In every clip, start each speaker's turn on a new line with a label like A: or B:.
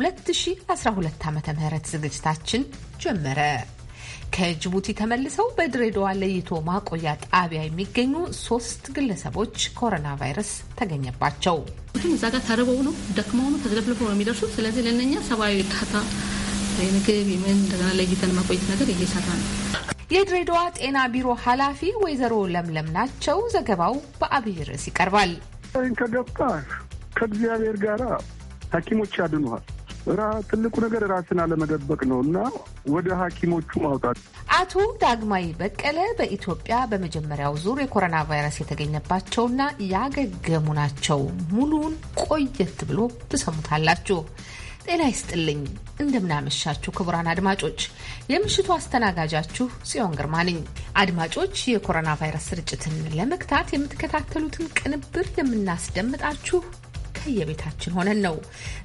A: 2012 ዓ ም ዝግጅታችን ጀመረ። ከጅቡቲ ተመልሰው በድሬዳዋ ለይቶ ማቆያ ጣቢያ የሚገኙ ሶስት ግለሰቦች ኮሮና ቫይረስ ተገኘባቸው።
B: ዛጋ እዛ ጋር ተርበው ነው ደክመው ነው ተዝለፍልፈው ነው የሚደርሱ። ስለዚህ ለነኛ ሰብአዊ እርዳታ ምግብ ምን እንደገና ለይተን ማቆየት ነገር እየሰራ ነው።
A: የድሬዳዋ ጤና ቢሮ ኃላፊ ወይዘሮ ለምለም ናቸው። ዘገባው በአብይ ርዕስ ይቀርባል። ከገባ
C: ከእግዚአብሔር ጋር ሐኪሞች ያድኑሃል። ትልቁ ነገር ራስን አለመደበቅ ነው እና ወደ ሐኪሞቹ ማውጣት።
A: አቶ ዳግማይ በቀለ በኢትዮጵያ በመጀመሪያው ዙር የኮሮና ቫይረስ የተገኘባቸውና ያገገሙ ናቸው። ሙሉውን ቆየት ብሎ ትሰሙታላችሁ። ጤና ይስጥልኝ። እንደምናመሻችሁ ክቡራን አድማጮች፣ የምሽቱ አስተናጋጃችሁ ጽዮን ግርማ ነኝ። አድማጮች፣ የኮሮና ቫይረስ ስርጭትን ለመግታት የምትከታተሉትን ቅንብር የምናስደምጣችሁ ከየቤታችን ሆነን ነው።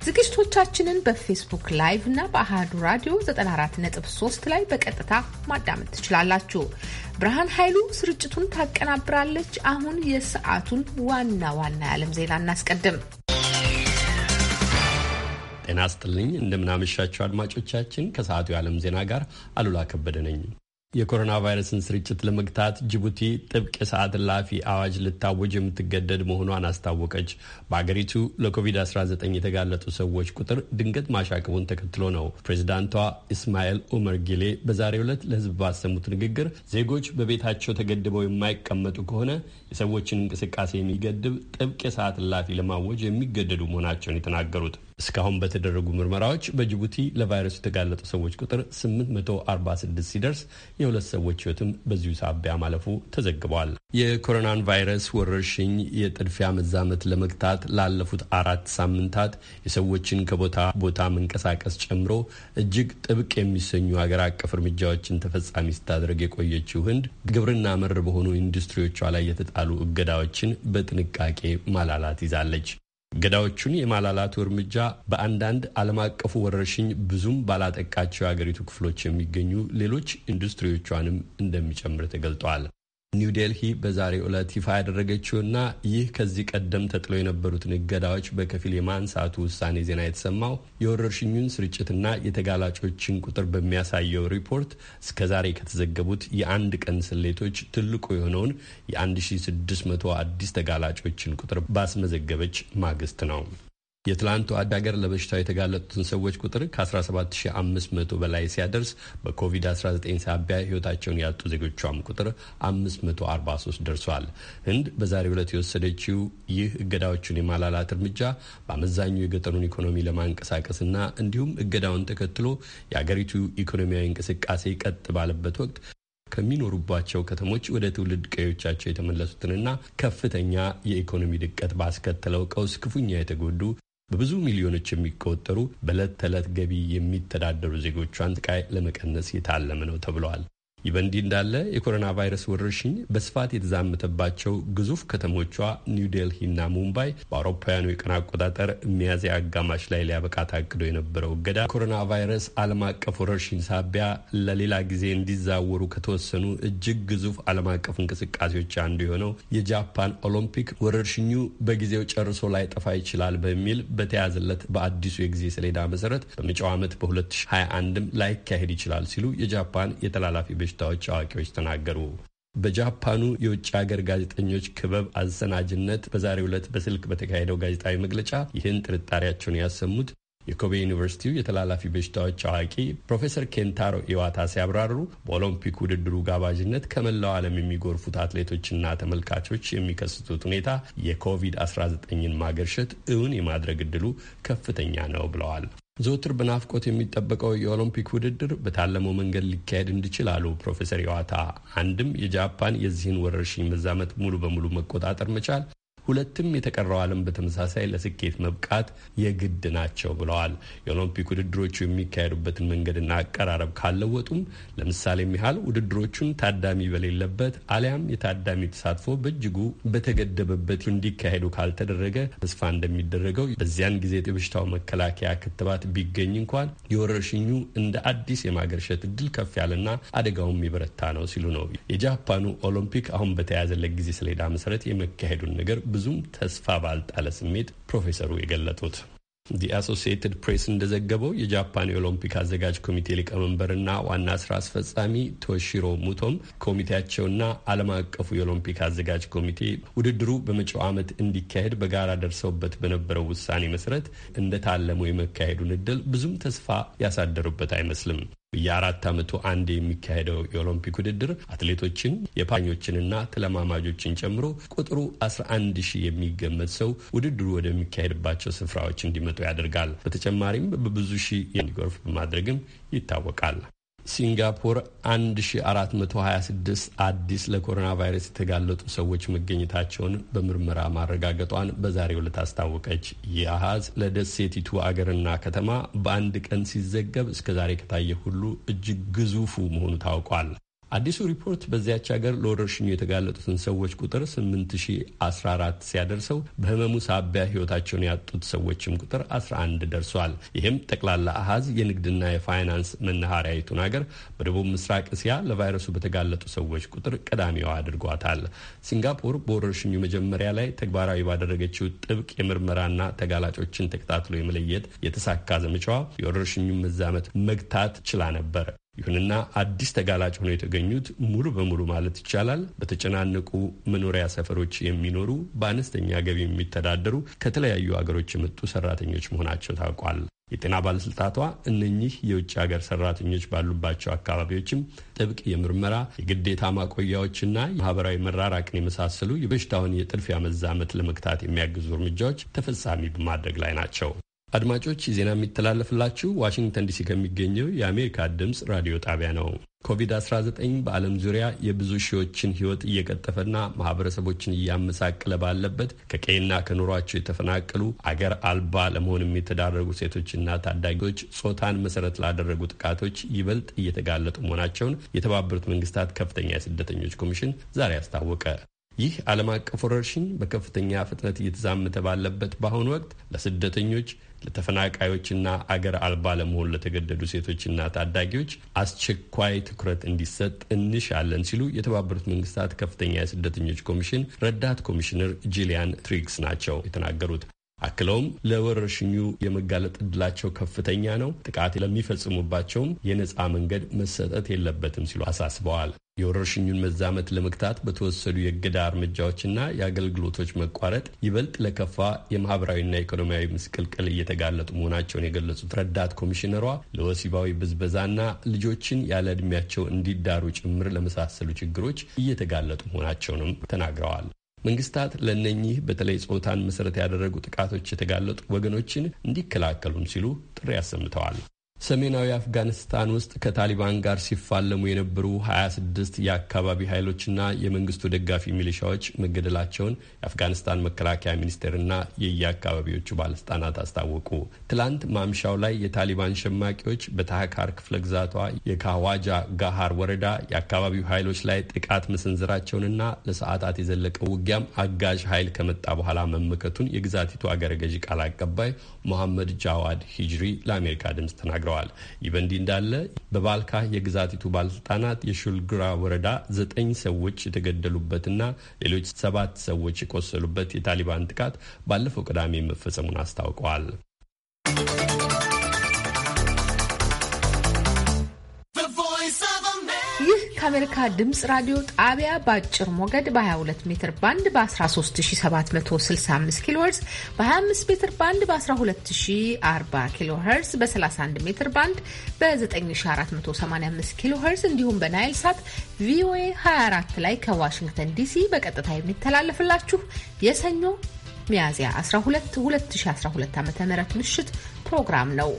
A: ዝግጅቶቻችንን በፌስቡክ ላይቭ እና በአህዱ ራዲዮ 94.3 ላይ በቀጥታ ማዳመጥ ትችላላችሁ። ብርሃን ኃይሉ ስርጭቱን ታቀናብራለች። አሁን የሰዓቱን ዋና ዋና የዓለም ዜና እናስቀድም።
D: ጤና ስጥልኝ እንደምናመሻቸው አድማጮቻችን። ከሰዓቱ የዓለም ዜና ጋር አሉላ ከበደ ነኝ። የኮሮና ቫይረስን ስርጭት ለመግታት ጅቡቲ ጥብቅ የሰዓት እላፊ አዋጅ ልታወጅ የምትገደድ መሆኗን አስታወቀች። በአገሪቱ ለኮቪድ-19 የተጋለጡ ሰዎች ቁጥር ድንገት ማሻቅቡን ተከትሎ ነው። ፕሬዚዳንቷ ኢስማኤል ኡመር ጊሌ በዛሬው ዕለት ለሕዝብ ባሰሙት ንግግር ዜጎች በቤታቸው ተገድበው የማይቀመጡ ከሆነ የሰዎችን እንቅስቃሴ የሚገድብ ጥብቅ የሰዓት እላፊ ለማወጅ የሚገደዱ መሆናቸውን የተናገሩት እስካሁን በተደረጉ ምርመራዎች በጅቡቲ ለቫይረሱ የተጋለጡ ሰዎች ቁጥር 846 ሲደርስ የሁለት ሰዎች ህይወትም በዚሁ ሳቢያ ማለፉ ተዘግቧል። የኮሮናን ቫይረስ ወረርሽኝ የጥድፊያ መዛመት ለመግታት ላለፉት አራት ሳምንታት የሰዎችን ከቦታ ቦታ መንቀሳቀስ ጨምሮ እጅግ ጥብቅ የሚሰኙ ሀገር አቀፍ እርምጃዎችን ተፈጻሚ ስታደርግ የቆየችው ህንድ ግብርና መር በሆኑ ኢንዱስትሪዎቿ ላይ የተጣሉ እገዳዎችን በጥንቃቄ ማላላት ይዛለች። ገዳዎቹን የማላላቱ እርምጃ በአንዳንድ ዓለም አቀፉ ወረርሽኝ ብዙም ባላጠቃቸው የአገሪቱ ክፍሎች የሚገኙ ሌሎች ኢንዱስትሪዎቿንም እንደሚጨምር ተገልጧል። ኒው ዴልሂ በዛሬ ዕለት ይፋ ያደረገችውና ይህ ከዚህ ቀደም ተጥሎ የነበሩትን እገዳዎች በከፊል የማንሳቱ ውሳኔ ዜና የተሰማው የወረርሽኙን ስርጭትና የተጋላጮችን ቁጥር በሚያሳየው ሪፖርት እስከዛሬ ከተዘገቡት የአንድ ቀን ስሌቶች ትልቁ የሆነውን የ1600 አዲስ ተጋላጮችን ቁጥር ባስመዘገበች ማግስት ነው። የትላንቱ አዳገር ለበሽታው የተጋለጡትን ሰዎች ቁጥር ከ17500 በላይ ሲያደርስ በኮቪድ-19 ሳቢያ ሕይወታቸውን ያጡ ዜጎቿም ቁጥር 543 ደርሷል። ህንድ በዛሬው ዕለት የወሰደችው ይህ እገዳዎቹን የማላላት እርምጃ በአመዛኙ የገጠሩን ኢኮኖሚ ለማንቀሳቀስና እንዲሁም እገዳውን ተከትሎ የአገሪቱ ኢኮኖሚያዊ እንቅስቃሴ ቀጥ ባለበት ወቅት ከሚኖሩባቸው ከተሞች ወደ ትውልድ ቀዮቻቸው የተመለሱትንና ከፍተኛ የኢኮኖሚ ድቀት ባስከተለው ቀውስ ክፉኛ የተጎዱ በብዙ ሚሊዮኖች የሚቆጠሩ በዕለት ተዕለት ገቢ የሚተዳደሩ ዜጎቿን ጥቃይ ለመቀነስ የታለመ ነው ተብለዋል። ይህ በእንዲህ እንዳለ የኮሮና ቫይረስ ወረርሽኝ በስፋት የተዛመተባቸው ግዙፍ ከተሞቿ ኒው ዴልሂና ሙምባይ በአውሮፓውያኑ የቀን አቆጣጠር ሚያዝያ አጋማሽ ላይ ሊያበቃ ታቅዶ የነበረው እገዳ ኮሮና ቫይረስ ዓለም አቀፍ ወረርሽኝ ሳቢያ ለሌላ ጊዜ እንዲዛወሩ ከተወሰኑ እጅግ ግዙፍ ዓለም አቀፍ እንቅስቃሴዎች አንዱ የሆነው የጃፓን ኦሎምፒክ ወረርሽኙ በጊዜው ጨርሶ ላይጠፋ ይችላል በሚል በተያዘለት በአዲሱ የጊዜ ሰሌዳ መሰረት በመጪው ዓመት በ2021ም ላይካሄድ ይችላል ሲሉ የጃፓን የተላላፊ በሽ በሽታዎች አዋቂዎች ተናገሩ። በጃፓኑ የውጭ ሀገር ጋዜጠኞች ክበብ አዘናጅነት በዛሬው ዕለት በስልክ በተካሄደው ጋዜጣዊ መግለጫ ይህን ጥርጣሬያቸውን ያሰሙት የኮቤ ዩኒቨርሲቲው የተላላፊ በሽታዎች አዋቂ ፕሮፌሰር ኬንታሮ ኢዋታ ሲያብራሩ በኦሎምፒክ ውድድሩ ጋባዥነት ከመላው ዓለም የሚጎርፉት አትሌቶችና ተመልካቾች የሚከስቱት ሁኔታ የኮቪድ-19ን ማገርሸት እውን የማድረግ እድሉ ከፍተኛ ነው ብለዋል። ዘውትር በናፍቆት የሚጠበቀው የኦሎምፒክ ውድድር በታለመው መንገድ ሊካሄድ እንዲችል አሉ ፕሮፌሰር የዋታ አንድም የጃፓን የዚህን ወረርሽኝ መዛመት ሙሉ በሙሉ መቆጣጠር መቻል ሁለትም የተቀረው ዓለም በተመሳሳይ ለስኬት መብቃት የግድ ናቸው ብለዋል። የኦሎምፒክ ውድድሮቹ የሚካሄዱበትን መንገድና አቀራረብ ካለወጡም ለምሳሌም ያህል ውድድሮቹን ታዳሚ በሌለበት አሊያም የታዳሚ ተሳትፎ በእጅጉ በተገደበበት እንዲካሄዱ ካልተደረገ ተስፋ እንደሚደረገው በዚያን ጊዜ የበሽታው መከላከያ ክትባት ቢገኝ እንኳን የወረርሽኙ እንደ አዲስ የማገርሸት እድል ከፍ ያለና አደጋውም የበረታ ነው ሲሉ ነው የጃፓኑ ኦሎምፒክ አሁን በተያያዘለት ጊዜ ሰሌዳ መሰረት የመካሄዱን ነገር ብዙም ተስፋ ባልጣለ ስሜት ፕሮፌሰሩ የገለጡት። ዲ አሶሲየትድ ፕሬስ እንደዘገበው የጃፓን የኦሎምፒክ አዘጋጅ ኮሚቴ ሊቀመንበርና ዋና ስራ አስፈጻሚ ቶሺሮ ሙቶም ኮሚቴያቸውና ዓለም አቀፉ የኦሎምፒክ አዘጋጅ ኮሚቴ ውድድሩ በመጪው ዓመት እንዲካሄድ በጋራ ደርሰውበት በነበረው ውሳኔ መሰረት እንደታለሙ የመካሄዱን እድል ብዙም ተስፋ ያሳደሩበት አይመስልም። በየአራት ዓመቱ አንድ የሚካሄደው የኦሎምፒክ ውድድር አትሌቶችን የፓኞችንና ተለማማጆችን ጨምሮ ቁጥሩ 11 ሺህ የሚገመት ሰው ውድድሩ ወደሚካሄድባቸው ስፍራዎች እንዲመጡ ያደርጋል። በተጨማሪም በብዙ ሺህ እንዲጎርፍ በማድረግም ይታወቃል። ሲንጋፖር 1426 አዲስ ለኮሮና ቫይረስ የተጋለጡ ሰዎች መገኘታቸውን በምርመራ ማረጋገጧን በዛሬው ዕለት አስታወቀች። ይህ ለደሴቲቱ አገርና ከተማ በአንድ ቀን ሲዘገብ እስከ ዛሬ ከታየ ሁሉ እጅግ ግዙፉ መሆኑ ታውቋል። አዲሱ ሪፖርት በዚያች ሀገር ለወረርሽኙ የተጋለጡትን ሰዎች ቁጥር 8014 ሲያደርሰው በህመሙ ሳቢያ ህይወታቸውን ያጡት ሰዎችም ቁጥር 11 ደርሷል። ይህም ጠቅላላ አሃዝ የንግድና የፋይናንስ መናኸሪያዊቱን ሀገር በደቡብ ምስራቅ እስያ ለቫይረሱ በተጋለጡ ሰዎች ቁጥር ቀዳሚዋ አድርጓታል። ሲንጋፖር በወረርሽኙ መጀመሪያ ላይ ተግባራዊ ባደረገችው ጥብቅ የምርመራና ተጋላጮችን ተከታትሎ የመለየት የተሳካ ዘመቻዋ የወረርሽኙን መዛመት መግታት ችላ ነበር። ይሁንና አዲስ ተጋላጭ ሆነው የተገኙት ሙሉ በሙሉ ማለት ይቻላል በተጨናነቁ መኖሪያ ሰፈሮች የሚኖሩ በአነስተኛ ገቢ የሚተዳደሩ ከተለያዩ ሀገሮች የመጡ ሰራተኞች መሆናቸው ታውቋል። የጤና ባለስልጣቷ እነኚህ የውጭ ሀገር ሰራተኞች ባሉባቸው አካባቢዎችም ጥብቅ የምርመራ የግዴታ ማቆያዎችና ማህበራዊ መራራቅን የመሳሰሉ የበሽታውን የጥድፊያ መዛመት ለመግታት የሚያግዙ እርምጃዎች ተፈጻሚ በማድረግ ላይ ናቸው። አድማጮች ዜና የሚተላለፍላችሁ ዋሽንግተን ዲሲ ከሚገኘው የአሜሪካ ድምፅ ራዲዮ ጣቢያ ነው። ኮቪድ-19 በዓለም ዙሪያ የብዙ ሺዎችን ሕይወት እየቀጠፈና ማህበረሰቦችን እያመሳቀለ ባለበት ከቀይና ከኑሯቸው የተፈናቀሉ አገር አልባ ለመሆንም የተዳረጉ ሴቶችና ታዳጊዎች ጾታን መሰረት ላደረጉ ጥቃቶች ይበልጥ እየተጋለጡ መሆናቸውን የተባበሩት መንግስታት ከፍተኛ የስደተኞች ኮሚሽን ዛሬ አስታወቀ። ይህ ዓለም አቀፍ ወረርሽኝ በከፍተኛ ፍጥነት እየተዛመተ ባለበት በአሁኑ ወቅት ለስደተኞች ለተፈናቃዮችና አገር አልባ ለመሆን ለተገደዱ ሴቶችና ታዳጊዎች አስቸኳይ ትኩረት እንዲሰጥ እንሻለን ሲሉ የተባበሩት መንግስታት ከፍተኛ የስደተኞች ኮሚሽን ረዳት ኮሚሽነር ጂሊያን ትሪግስ ናቸው የተናገሩት። አክለውም ለወረርሽኙ የመጋለጥ እድላቸው ከፍተኛ ነው፣ ጥቃት ለሚፈጽሙባቸውም የነፃ መንገድ መሰጠት የለበትም ሲሉ አሳስበዋል። የወረርሽኙን መዛመት ለመግታት በተወሰዱ የእገዳ እርምጃዎችና የአገልግሎቶች መቋረጥ ይበልጥ ለከፋ የማህበራዊና ኢኮኖሚያዊ ምስቅልቅል እየተጋለጡ መሆናቸውን የገለጹት ረዳት ኮሚሽነሯ ለወሲባዊ ብዝበዛና ልጆችን ያለ እድሜያቸው እንዲዳሩ ጭምር ለመሳሰሉ ችግሮች እየተጋለጡ መሆናቸውንም ተናግረዋል። መንግስታት ለእነኚህ በተለይ ጾታን መሰረት ያደረጉ ጥቃቶች የተጋለጡ ወገኖችን እንዲከላከሉም ሲሉ ጥሪ አሰምተዋል። ሰሜናዊ አፍጋኒስታን ውስጥ ከታሊባን ጋር ሲፋለሙ የነበሩ 26 የአካባቢ ኃይሎችና የመንግስቱ ደጋፊ ሚሊሻዎች መገደላቸውን የአፍጋኒስታን መከላከያ ሚኒስቴርና የየአካባቢዎቹ ባለስልጣናት አስታወቁ። ትላንት ማምሻው ላይ የታሊባን ሸማቂዎች በታህካር ክፍለ ግዛቷ የካዋጃ ጋሃር ወረዳ የአካባቢው ኃይሎች ላይ ጥቃት መሰንዘራቸውንና ለሰዓታት የዘለቀው ውጊያም አጋዥ ኃይል ከመጣ በኋላ መመከቱን የግዛቲቱ አገረ ገዢ ቃል አቀባይ ሞሐመድ ጃዋድ ሂጅሪ ለአሜሪካ ድምፅ ተናግረዋል። ተናግረዋል። ይህ በእንዲህ እንዳለ በባልካ የግዛቲቱ ባለስልጣናት የሹልግራ ወረዳ ዘጠኝ ሰዎች የተገደሉበትና ሌሎች ሰባት ሰዎች የቆሰሉበት የታሊባን ጥቃት ባለፈው ቅዳሜ መፈጸሙን አስታውቀዋል።
A: ከአሜሪካ ድምፅ ራዲዮ ጣቢያ በአጭር ሞገድ በ22 ሜትር ባንድ በ13765 ኪሎ ሄርዝ በ25 ሜትር ባንድ በ 1240 ኪሎ ሄርዝ በ31 ሜትር ባንድ በ9485 ኪሎ ሄርዝ እንዲሁም በናይል ሳት ቪኦኤ 24 ላይ ከዋሽንግተን ዲሲ በቀጥታ የሚተላለፍላችሁ የሰኞ ሚያዝያ 12 2012 ዓ ም ምሽት ፕሮግራም ነው።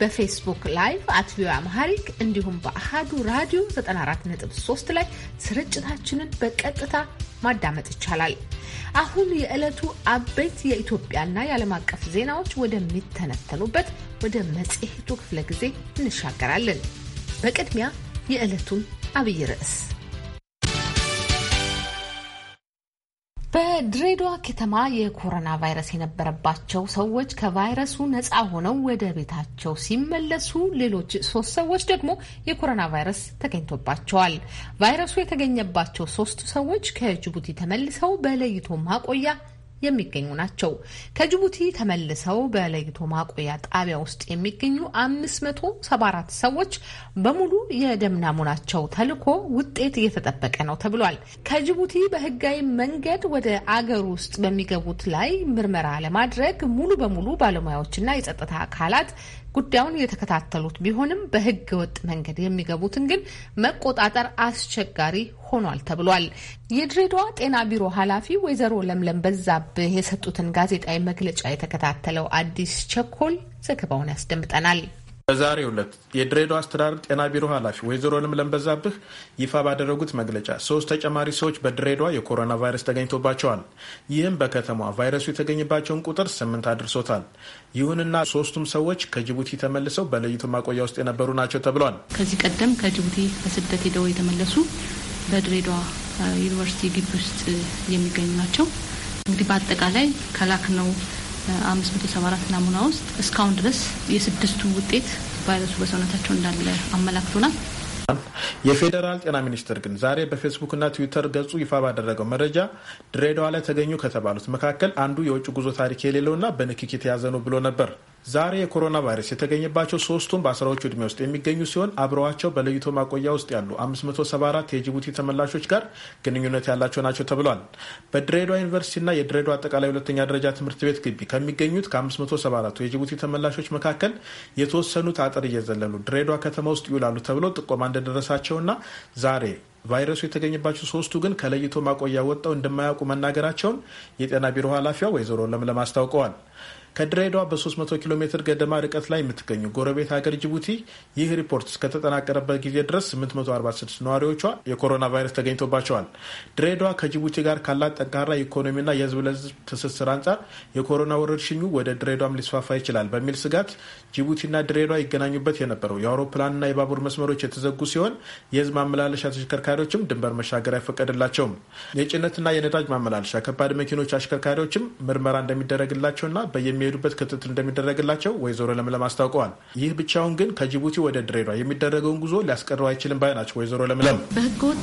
A: በፌስቡክ ላይቭ አት ቪኦኤ አምሃሪክ እንዲሁም በአሃዱ ራዲዮ 94.3 ላይ ስርጭታችንን በቀጥታ ማዳመጥ ይቻላል። አሁን የዕለቱ አበይት የኢትዮጵያና የዓለም አቀፍ ዜናዎች ወደሚተነተኑበት ወደ መጽሔቱ ክፍለ ጊዜ እንሻገራለን። በቅድሚያ የዕለቱን አብይ ርዕስ በድሬዳዋ ከተማ የኮሮና ቫይረስ የነበረባቸው ሰዎች ከቫይረሱ ነፃ ሆነው ወደ ቤታቸው ሲመለሱ ሌሎች ሶስት ሰዎች ደግሞ የኮሮና ቫይረስ ተገኝቶባቸዋል። ቫይረሱ የተገኘባቸው ሶስቱ ሰዎች ከጅቡቲ ተመልሰው በለይቶ ማቆያ የሚገኙ ናቸው። ከጅቡቲ ተመልሰው በለይቶ ማቆያ ጣቢያ ውስጥ የሚገኙ 574 ሰዎች በሙሉ የደም ናሙናቸው ተልኮ ውጤት እየተጠበቀ ነው ተብሏል። ከጅቡቲ በህጋዊ መንገድ ወደ አገር ውስጥ በሚገቡት ላይ ምርመራ ለማድረግ ሙሉ በሙሉ ባለሙያዎችና የጸጥታ አካላት ጉዳዩን የተከታተሉት ቢሆንም በህገ ወጥ መንገድ የሚገቡትን ግን መቆጣጠር አስቸጋሪ ሆኗል ተብሏል። የድሬዳዋ ጤና ቢሮ ኃላፊ ወይዘሮ ለምለም በዛብህ የሰጡትን ጋዜጣዊ መግለጫ የተከታተለው አዲስ ቸኮል ዘገባውን ያስደምጠናል።
E: በዛሬ ዕለት የድሬዳዋ አስተዳደር ጤና ቢሮ ኃላፊ ወይዘሮ ለምለም በዛብህ ይፋ ባደረጉት መግለጫ ሶስት ተጨማሪ ሰዎች በድሬዳዋ የኮሮና ቫይረስ ተገኝቶባቸዋል። ይህም በከተማዋ ቫይረሱ የተገኘባቸውን ቁጥር ስምንት አድርሶታል። ይሁንና ሶስቱም ሰዎች ከጅቡቲ ተመልሰው በለይቶ ማቆያ ውስጥ የነበሩ ናቸው ተብሏል። ከዚህ
B: ቀደም ከጅቡቲ በስደት ሄደው የተመለሱ በድሬዳዋ ዩኒቨርሲቲ ግቢ ውስጥ የሚገኙ ናቸው። እንግዲህ በአጠቃላይ ከላክ ነው 574 ናሙና ውስጥ እስካሁን ድረስ የስድስቱ ውጤት ቫይረሱ በሰውነታቸው እንዳለ አመላክቶናል።
E: የፌዴራል ጤና ሚኒስቴር ግን ዛሬ በፌስቡክና ትዊተር ገጹ ይፋ ባደረገው መረጃ ድሬዳዋ ላይ ተገኙ ከተባሉት መካከል አንዱ የውጭ ጉዞ ታሪክ የሌለውና በንክኪት የተያዘ ነው ብሎ ነበር። ዛሬ የኮሮና ቫይረስ የተገኘባቸው ሶስቱም በአስራዎቹ ዕድሜ ውስጥ የሚገኙ ሲሆን አብረዋቸው በለይቶ ማቆያ ውስጥ ያሉ 574 የጅቡቲ ተመላሾች ጋር ግንኙነት ያላቸው ናቸው ተብሏል። በድሬዳዋ ዩኒቨርሲቲና የድሬዳዋ አጠቃላይ ሁለተኛ ደረጃ ትምህርት ቤት ግቢ ከሚገኙት ከ574 የጅቡቲ ተመላሾች መካከል የተወሰኑት አጥር እየዘለሉ ድሬዳዋ ከተማ ውስጥ ይውላሉ ተብሎ ጥቆማ እንደደረሳቸውና ዛሬ ቫይረሱ የተገኘባቸው ሶስቱ ግን ከለይቶ ማቆያ ወጥተው እንደማያውቁ መናገራቸውን የጤና ቢሮ ኃላፊዋ ወይዘሮ ለምለም አስታውቀዋል። ከድሬዳዋ በ300 ኪሎ ሜትር ገደማ ርቀት ላይ የምትገኘው ጎረቤት ሀገር ጅቡቲ ይህ ሪፖርት እስከተጠናቀረበት ጊዜ ድረስ 846 ነዋሪዎቿ የኮሮና ቫይረስ ተገኝቶባቸዋል። ድሬዳዋ ከጅቡቲ ጋር ካላት ጠንካራ የኢኮኖሚና የህዝብ ለህዝብ ትስስር አንጻር የኮሮና ወረርሽኙ ወደ ድሬዳዋም ሊስፋፋ ይችላል በሚል ስጋት ጅቡቲና ድሬዳዋ ይገናኙበት የነበረው የአውሮፕላንና የባቡር መስመሮች የተዘጉ ሲሆን የህዝብ ማመላለሻ ተሽከርካሪዎችም ድንበር መሻገር አይፈቀድላቸውም። የጭነትና የነዳጅ ማመላለሻ ከባድ መኪኖች አሽከርካሪዎችም ምርመራ እንደሚደረግላቸውና በየሚሄዱበት ክትትል እንደሚደረግላቸው ወይዘሮ ለምለም አስታውቀዋል። ይህ ብቻውን ግን ከጅቡቲ ወደ ድሬዳዋ የሚደረገውን ጉዞ ሊያስቀረው አይችልም ባይ ናቸው ወይዘሮ ለምለም።
B: በህገወጥ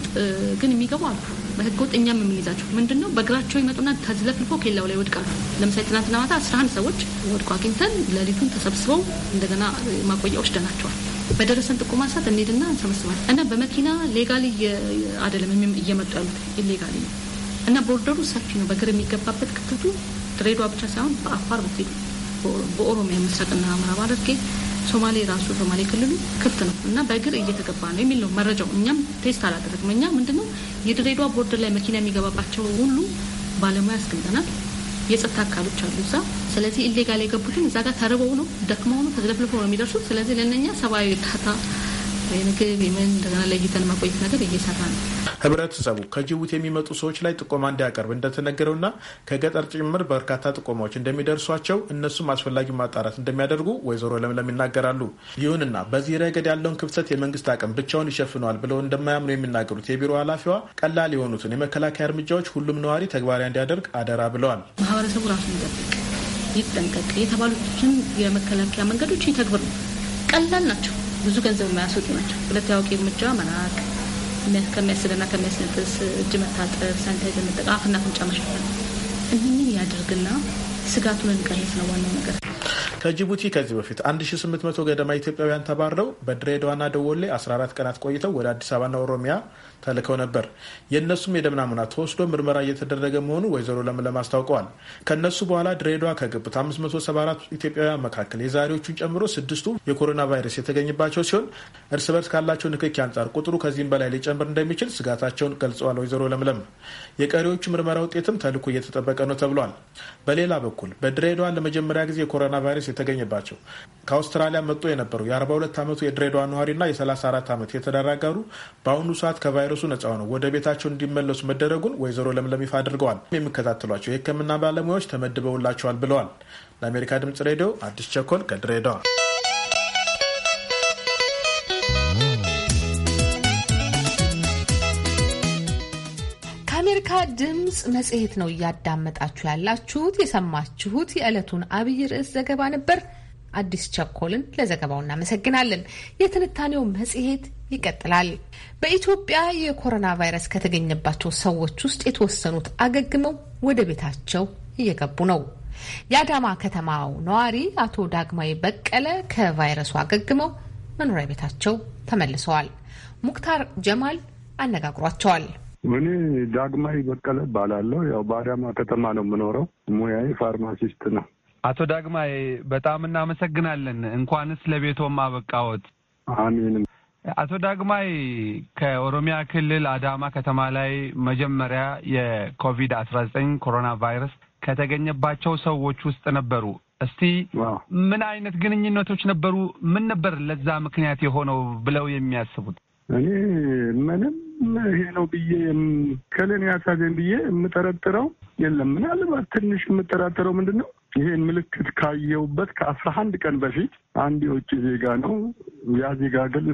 B: ግን የሚገቡ አሉ። በህገወጥ እኛም የምንይዛቸው ምንድን ነው? በእግራቸው ይመጡና ተዝለፍልፎ ኬላው ላይ ይወድቃሉ። ለምሳሌ ትናንትና ማታ አንድ ሰዎች ወድቆ አግኝተን ሌሊቱን ተሰብስበው እንደገና ማቆያዎች ደናቸዋል። በደረሰን ጥቁ ማንሳት እንሄድና እንሰመስማል እና በመኪና ሌጋሊ አይደለም እየመጡ ያሉት ኢሌጋሊ ነው እና ቦርደሩ ሰፊ ነው። በእግር የሚገባበት ክፍተቱ ድሬዳዋ ብቻ ሳይሆን በአፋር በኩል በኦሮሚያ ምስራቅና ምዕራብ አድርጌ ሶማሌ ራሱ ሶማሌ ክልሉ ክፍት ነው እና በእግር እየተገባ ነው የሚል ነው መረጃው። እኛም ቴስት አላደረግም። እኛ ምንድነው የድሬዷ ቦርደር ላይ መኪና የሚገባባቸው ሁሉ ባለሙያ አስገምጠናል። የጸጥታ አካሎች አሉ እዛ። ስለዚህ ኢሌጋል የገቡትን እዛ ጋር ተርበው ነው ደክመው ነው ተዝለፍልፈው ነው የሚደርሱት። ስለዚህ ለነኛ ሰብአዊ እርዳታ የምግብ የምን እንደገና ለይተን ማቆየት ነገር እየሰራ ነው።
E: ህብረተሰቡ ከጅቡቲ የሚመጡ ሰዎች ላይ ጥቆማ እንዲያቀርብ እንደተነገረውና ከገጠር ጭምር በርካታ ጥቆማዎች እንደሚደርሷቸው እነሱም አስፈላጊ ማጣራት እንደሚያደርጉ ወይዘሮ ለምለም ይናገራሉ። ይሁንና በዚህ ረገድ ያለውን ክፍተት የመንግስት አቅም ብቻውን ይሸፍነዋል ብለው እንደማያምኑ የሚናገሩት የቢሮ ኃላፊዋ ቀላል የሆኑትን የመከላከያ እርምጃዎች ሁሉም ነዋሪ ተግባራዊ እንዲያደርግ አደራ ብለዋል።
B: ማህበረሰቡ ራሱ ይጠብቅ፣ ይጠንቀቅ የተባሉትን የመከላከያ መንገዶች ይተግብር። ቀላል ናቸው። ብዙ ገንዘብ የማያስወጡ ናቸው። ሁለት ያውቅ እርምጃ መራቅ ከሚያስልና ከሚያስነጥስ እጅ መታጠብ፣ ሳኒታይዘር መጠቀም፣ አፍና አፍንጫ መሸፈን እነኝን ያድርግና ስጋቱን እንቀንስ ነው ዋናው ነገር።
E: ከጅቡቲ ከዚህ በፊት 1800 ገደማ ኢትዮጵያውያን ተባረው በድሬዳዋና ደወሌ 14 ቀናት ቆይተው ወደ አዲስ አበባና ኦሮሚያ ተልከው ነበር። የእነሱም የደም ናሙና ተወስዶ ምርመራ እየተደረገ መሆኑ ወይዘሮ ለምለም አስታውቀዋል። ከእነሱ በኋላ ድሬዳዋ ከገቡት 574 ኢትዮጵያውያን መካከል የዛሬዎቹን ጨምሮ ስድስቱ የኮሮና ቫይረስ የተገኘባቸው ሲሆን እርስ በርስ ካላቸው ንክኪ አንጻር ቁጥሩ ከዚህም በላይ ሊጨምር እንደሚችል ስጋታቸውን ገልጸዋል። ወይዘሮ ለምለም የቀሪዎቹ ምርመራ ውጤትም ተልኮ እየተጠበቀ ነው ተብሏል። በሌላ በኩል በድሬዳዋ ለመጀመሪያ ጊዜ የኮሮና ቫይረስ የተገኘባቸው ከአውስትራሊያ መጥቶ የነበሩ የ42 ዓመቱ የድሬዳዋ ነዋሪና የ34 ዓመት የተደራጋሩ በአሁኑ ሰዓት ከቫይ ከቫይረሱ ነጻ ሆነው ወደ ቤታቸው እንዲመለሱ መደረጉን ወይዘሮ ለምለም ይፋ አድርገዋል። የሚከታተሏቸው የሕክምና ባለሙያዎች ተመድበውላቸዋል ብለዋል። ለአሜሪካ ድምጽ ሬዲዮ አዲስ ቸኮል ከድሬዳዋ።
A: የአሜሪካ ድምፅ መጽሔት ነው እያዳመጣችሁ ያላችሁት። የሰማችሁት የዕለቱን አብይ ርዕስ ዘገባ ነበር። አዲስ ቸኮልን ለዘገባው እናመሰግናለን። የትንታኔው መጽሔት ይቀጥላል። በኢትዮጵያ የኮሮና ቫይረስ ከተገኘባቸው ሰዎች ውስጥ የተወሰኑት አገግመው ወደ ቤታቸው እየገቡ ነው። የአዳማ ከተማው ነዋሪ አቶ ዳግማዊ በቀለ ከቫይረሱ አገግመው መኖሪያ ቤታቸው ተመልሰዋል። ሙክታር ጀማል
C: አነጋግሯቸዋል። እኔ ዳግማዊ በቀለ እባላለሁ። ያው በአዳማ ከተማ ነው የምኖረው። ሙያዬ ፋርማሲስት ነው።
F: አቶ ዳግማይ በጣም እናመሰግናለን። እንኳንስ ለቤቶም አበቃዎት። አሜንም። አቶ ዳግማይ ከኦሮሚያ ክልል አዳማ ከተማ ላይ መጀመሪያ የኮቪድ አስራ ዘጠኝ ኮሮና ቫይረስ ከተገኘባቸው ሰዎች ውስጥ ነበሩ። እስቲ ምን አይነት ግንኙነቶች ነበሩ? ምን ነበር ለዛ ምክንያት የሆነው ብለው የሚያስቡት?
C: እኔ ምንም ይሄ ነው ብዬ ክልን ያሳዘን ብዬ የምጠረጥረው የለም። ምናልባት ትንሽ የምጠራጠረው ምንድን ነው ይሄን ምልክት ካየውበት ከአስራ አንድ ቀን በፊት አንድ የውጭ ዜጋ ነው። ያ ዜጋ ግን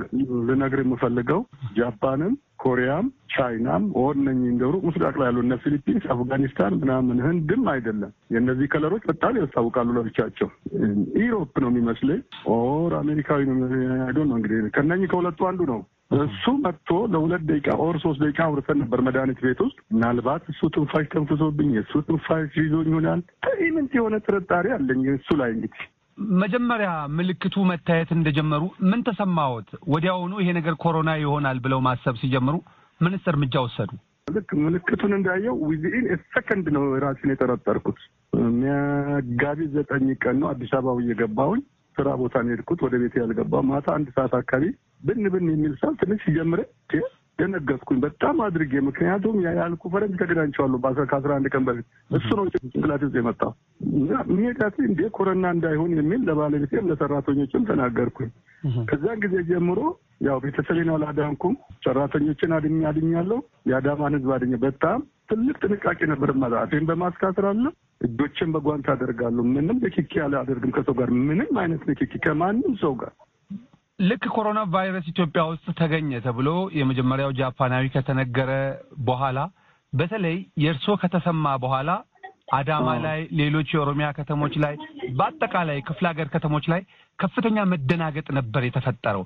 C: ልነግር የምፈልገው ጃፓንም፣ ኮሪያም፣ ቻይናም ወነኝ እንደ ሩቅ ምስራቅ ላይ ያሉ እነ ፊሊፒንስ፣ አፍጋኒስታን ምናምን ህንድም አይደለም። የእነዚህ ከለሮች በጣም ያስታውቃሉ ለብቻቸው። ኢሮፕ ነው የሚመስለኝ ኦር አሜሪካዊ ነው እንግዲህ ከእነኝህ ከሁለቱ አንዱ ነው። እሱ መጥቶ ለሁለት ደቂቃ ኦር ሶስት ደቂቃ አውርተን ነበር መድኃኒት ቤት ውስጥ ምናልባት እሱ ትንፋሽ ተንፍሶብኝ የእሱ ትንፋሽ ይዞኝ ይሆናል። ኢምንት የሆነ ጥርጣሬ አለኝ እሱ ላይ እንግዲህ
F: መጀመሪያ ምልክቱ መታየት እንደጀመሩ ምን ተሰማዎት? ወዲያውኑ ይሄ ነገር ኮሮና ይሆናል ብለው ማሰብ ሲጀምሩ ምንስ እርምጃ ወሰዱ?
C: ልክ ምልክቱን እንዳየው ዊዚኢን ሰከንድ ነው ራሴን የጠረጠርኩት። መጋቢት ዘጠኝ ቀን ነው አዲስ አበባ እየገባሁኝ ስራ ቦታ ነው የሄድኩት። ወደ ቤት ያልገባ ማታ አንድ ሰዓት አካባቢ ብን ብን የሚል ሰው ትንሽ ሲጀምረ ደነገስኩኝ በጣም አድርጌ። ምክንያቱም ያልኩ ፈረንጅ ተገናኝቸዋለሁ ከአስራ አንድ ቀን በፊት እሱ ነው ጭንቅላት ውስጥ የመጣው እና ሜዳት እንዴ ኮረና እንዳይሆን የሚል ለባለቤቴም ለሰራተኞችም ተናገርኩኝ። ከዚያን ጊዜ ጀምሮ ያው ቤተሰቤን አላዳንኩም፣ ሰራተኞችን አድኛ አድኛለሁ፣ የአዳማን ህዝብ አድኛ። በጣም ትልቅ ጥንቃቄ ነበር ማዛቴን በማስክ አስራለሁ፣ እጆችን በጓንት አደርጋለሁ። ምንም ንክኪ አላደርግም ከሰው ጋር ምንም አይነት ንክኪ ከማንም ሰው ጋር
F: ልክ ኮሮና ቫይረስ ኢትዮጵያ ውስጥ ተገኘ ተብሎ የመጀመሪያው ጃፓናዊ ከተነገረ በኋላ በተለይ የእርሶ ከተሰማ በኋላ አዳማ ላይ፣ ሌሎች የኦሮሚያ ከተሞች ላይ፣ በአጠቃላይ ክፍለ ሀገር ከተሞች ላይ ከፍተኛ መደናገጥ ነበር የተፈጠረው።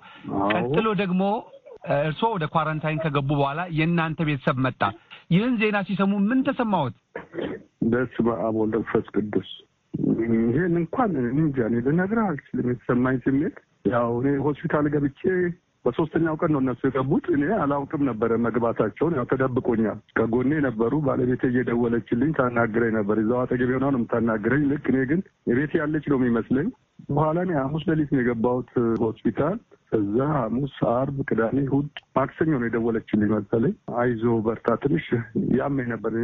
F: ቀጥሎ ደግሞ እርሶ ወደ ኳረንታይን ከገቡ በኋላ የእናንተ ቤተሰብ መጣ። ይህን ዜና ሲሰሙ ምን
C: ተሰማዎት? በስመ አብ ወመንፈስ ቅዱስ። ይህን እንኳን እንጃ እኔ ልነግርህ አልችልም የተሰማኝ ስሜት ያው እኔ ሆስፒታል ገብቼ በሶስተኛው ቀን ነው እነሱ የገቡት። እኔ አላውቅም ነበረ መግባታቸውን። ያው ተደብቆኛል። ከጎኔ ነበሩ። ባለቤቴ እየደወለችልኝ ታናግረኝ ነበር። እዛው አጠገቤ ሆና ነው የምታናግረኝ። ልክ እኔ ግን የቤት ያለች ነው የሚመስለኝ። በኋላ እኔ ሐሙስ ሌሊት ነው የገባሁት ሆስፒታል። እዛ ሐሙስ፣ አርብ፣ ቅዳሜ፣ እሑድ፣ ማክሰኞ ነው የደወለችልኝ መሰለኝ። አይዞ በርታ፣ ትንሽ ያመኝ ነበር።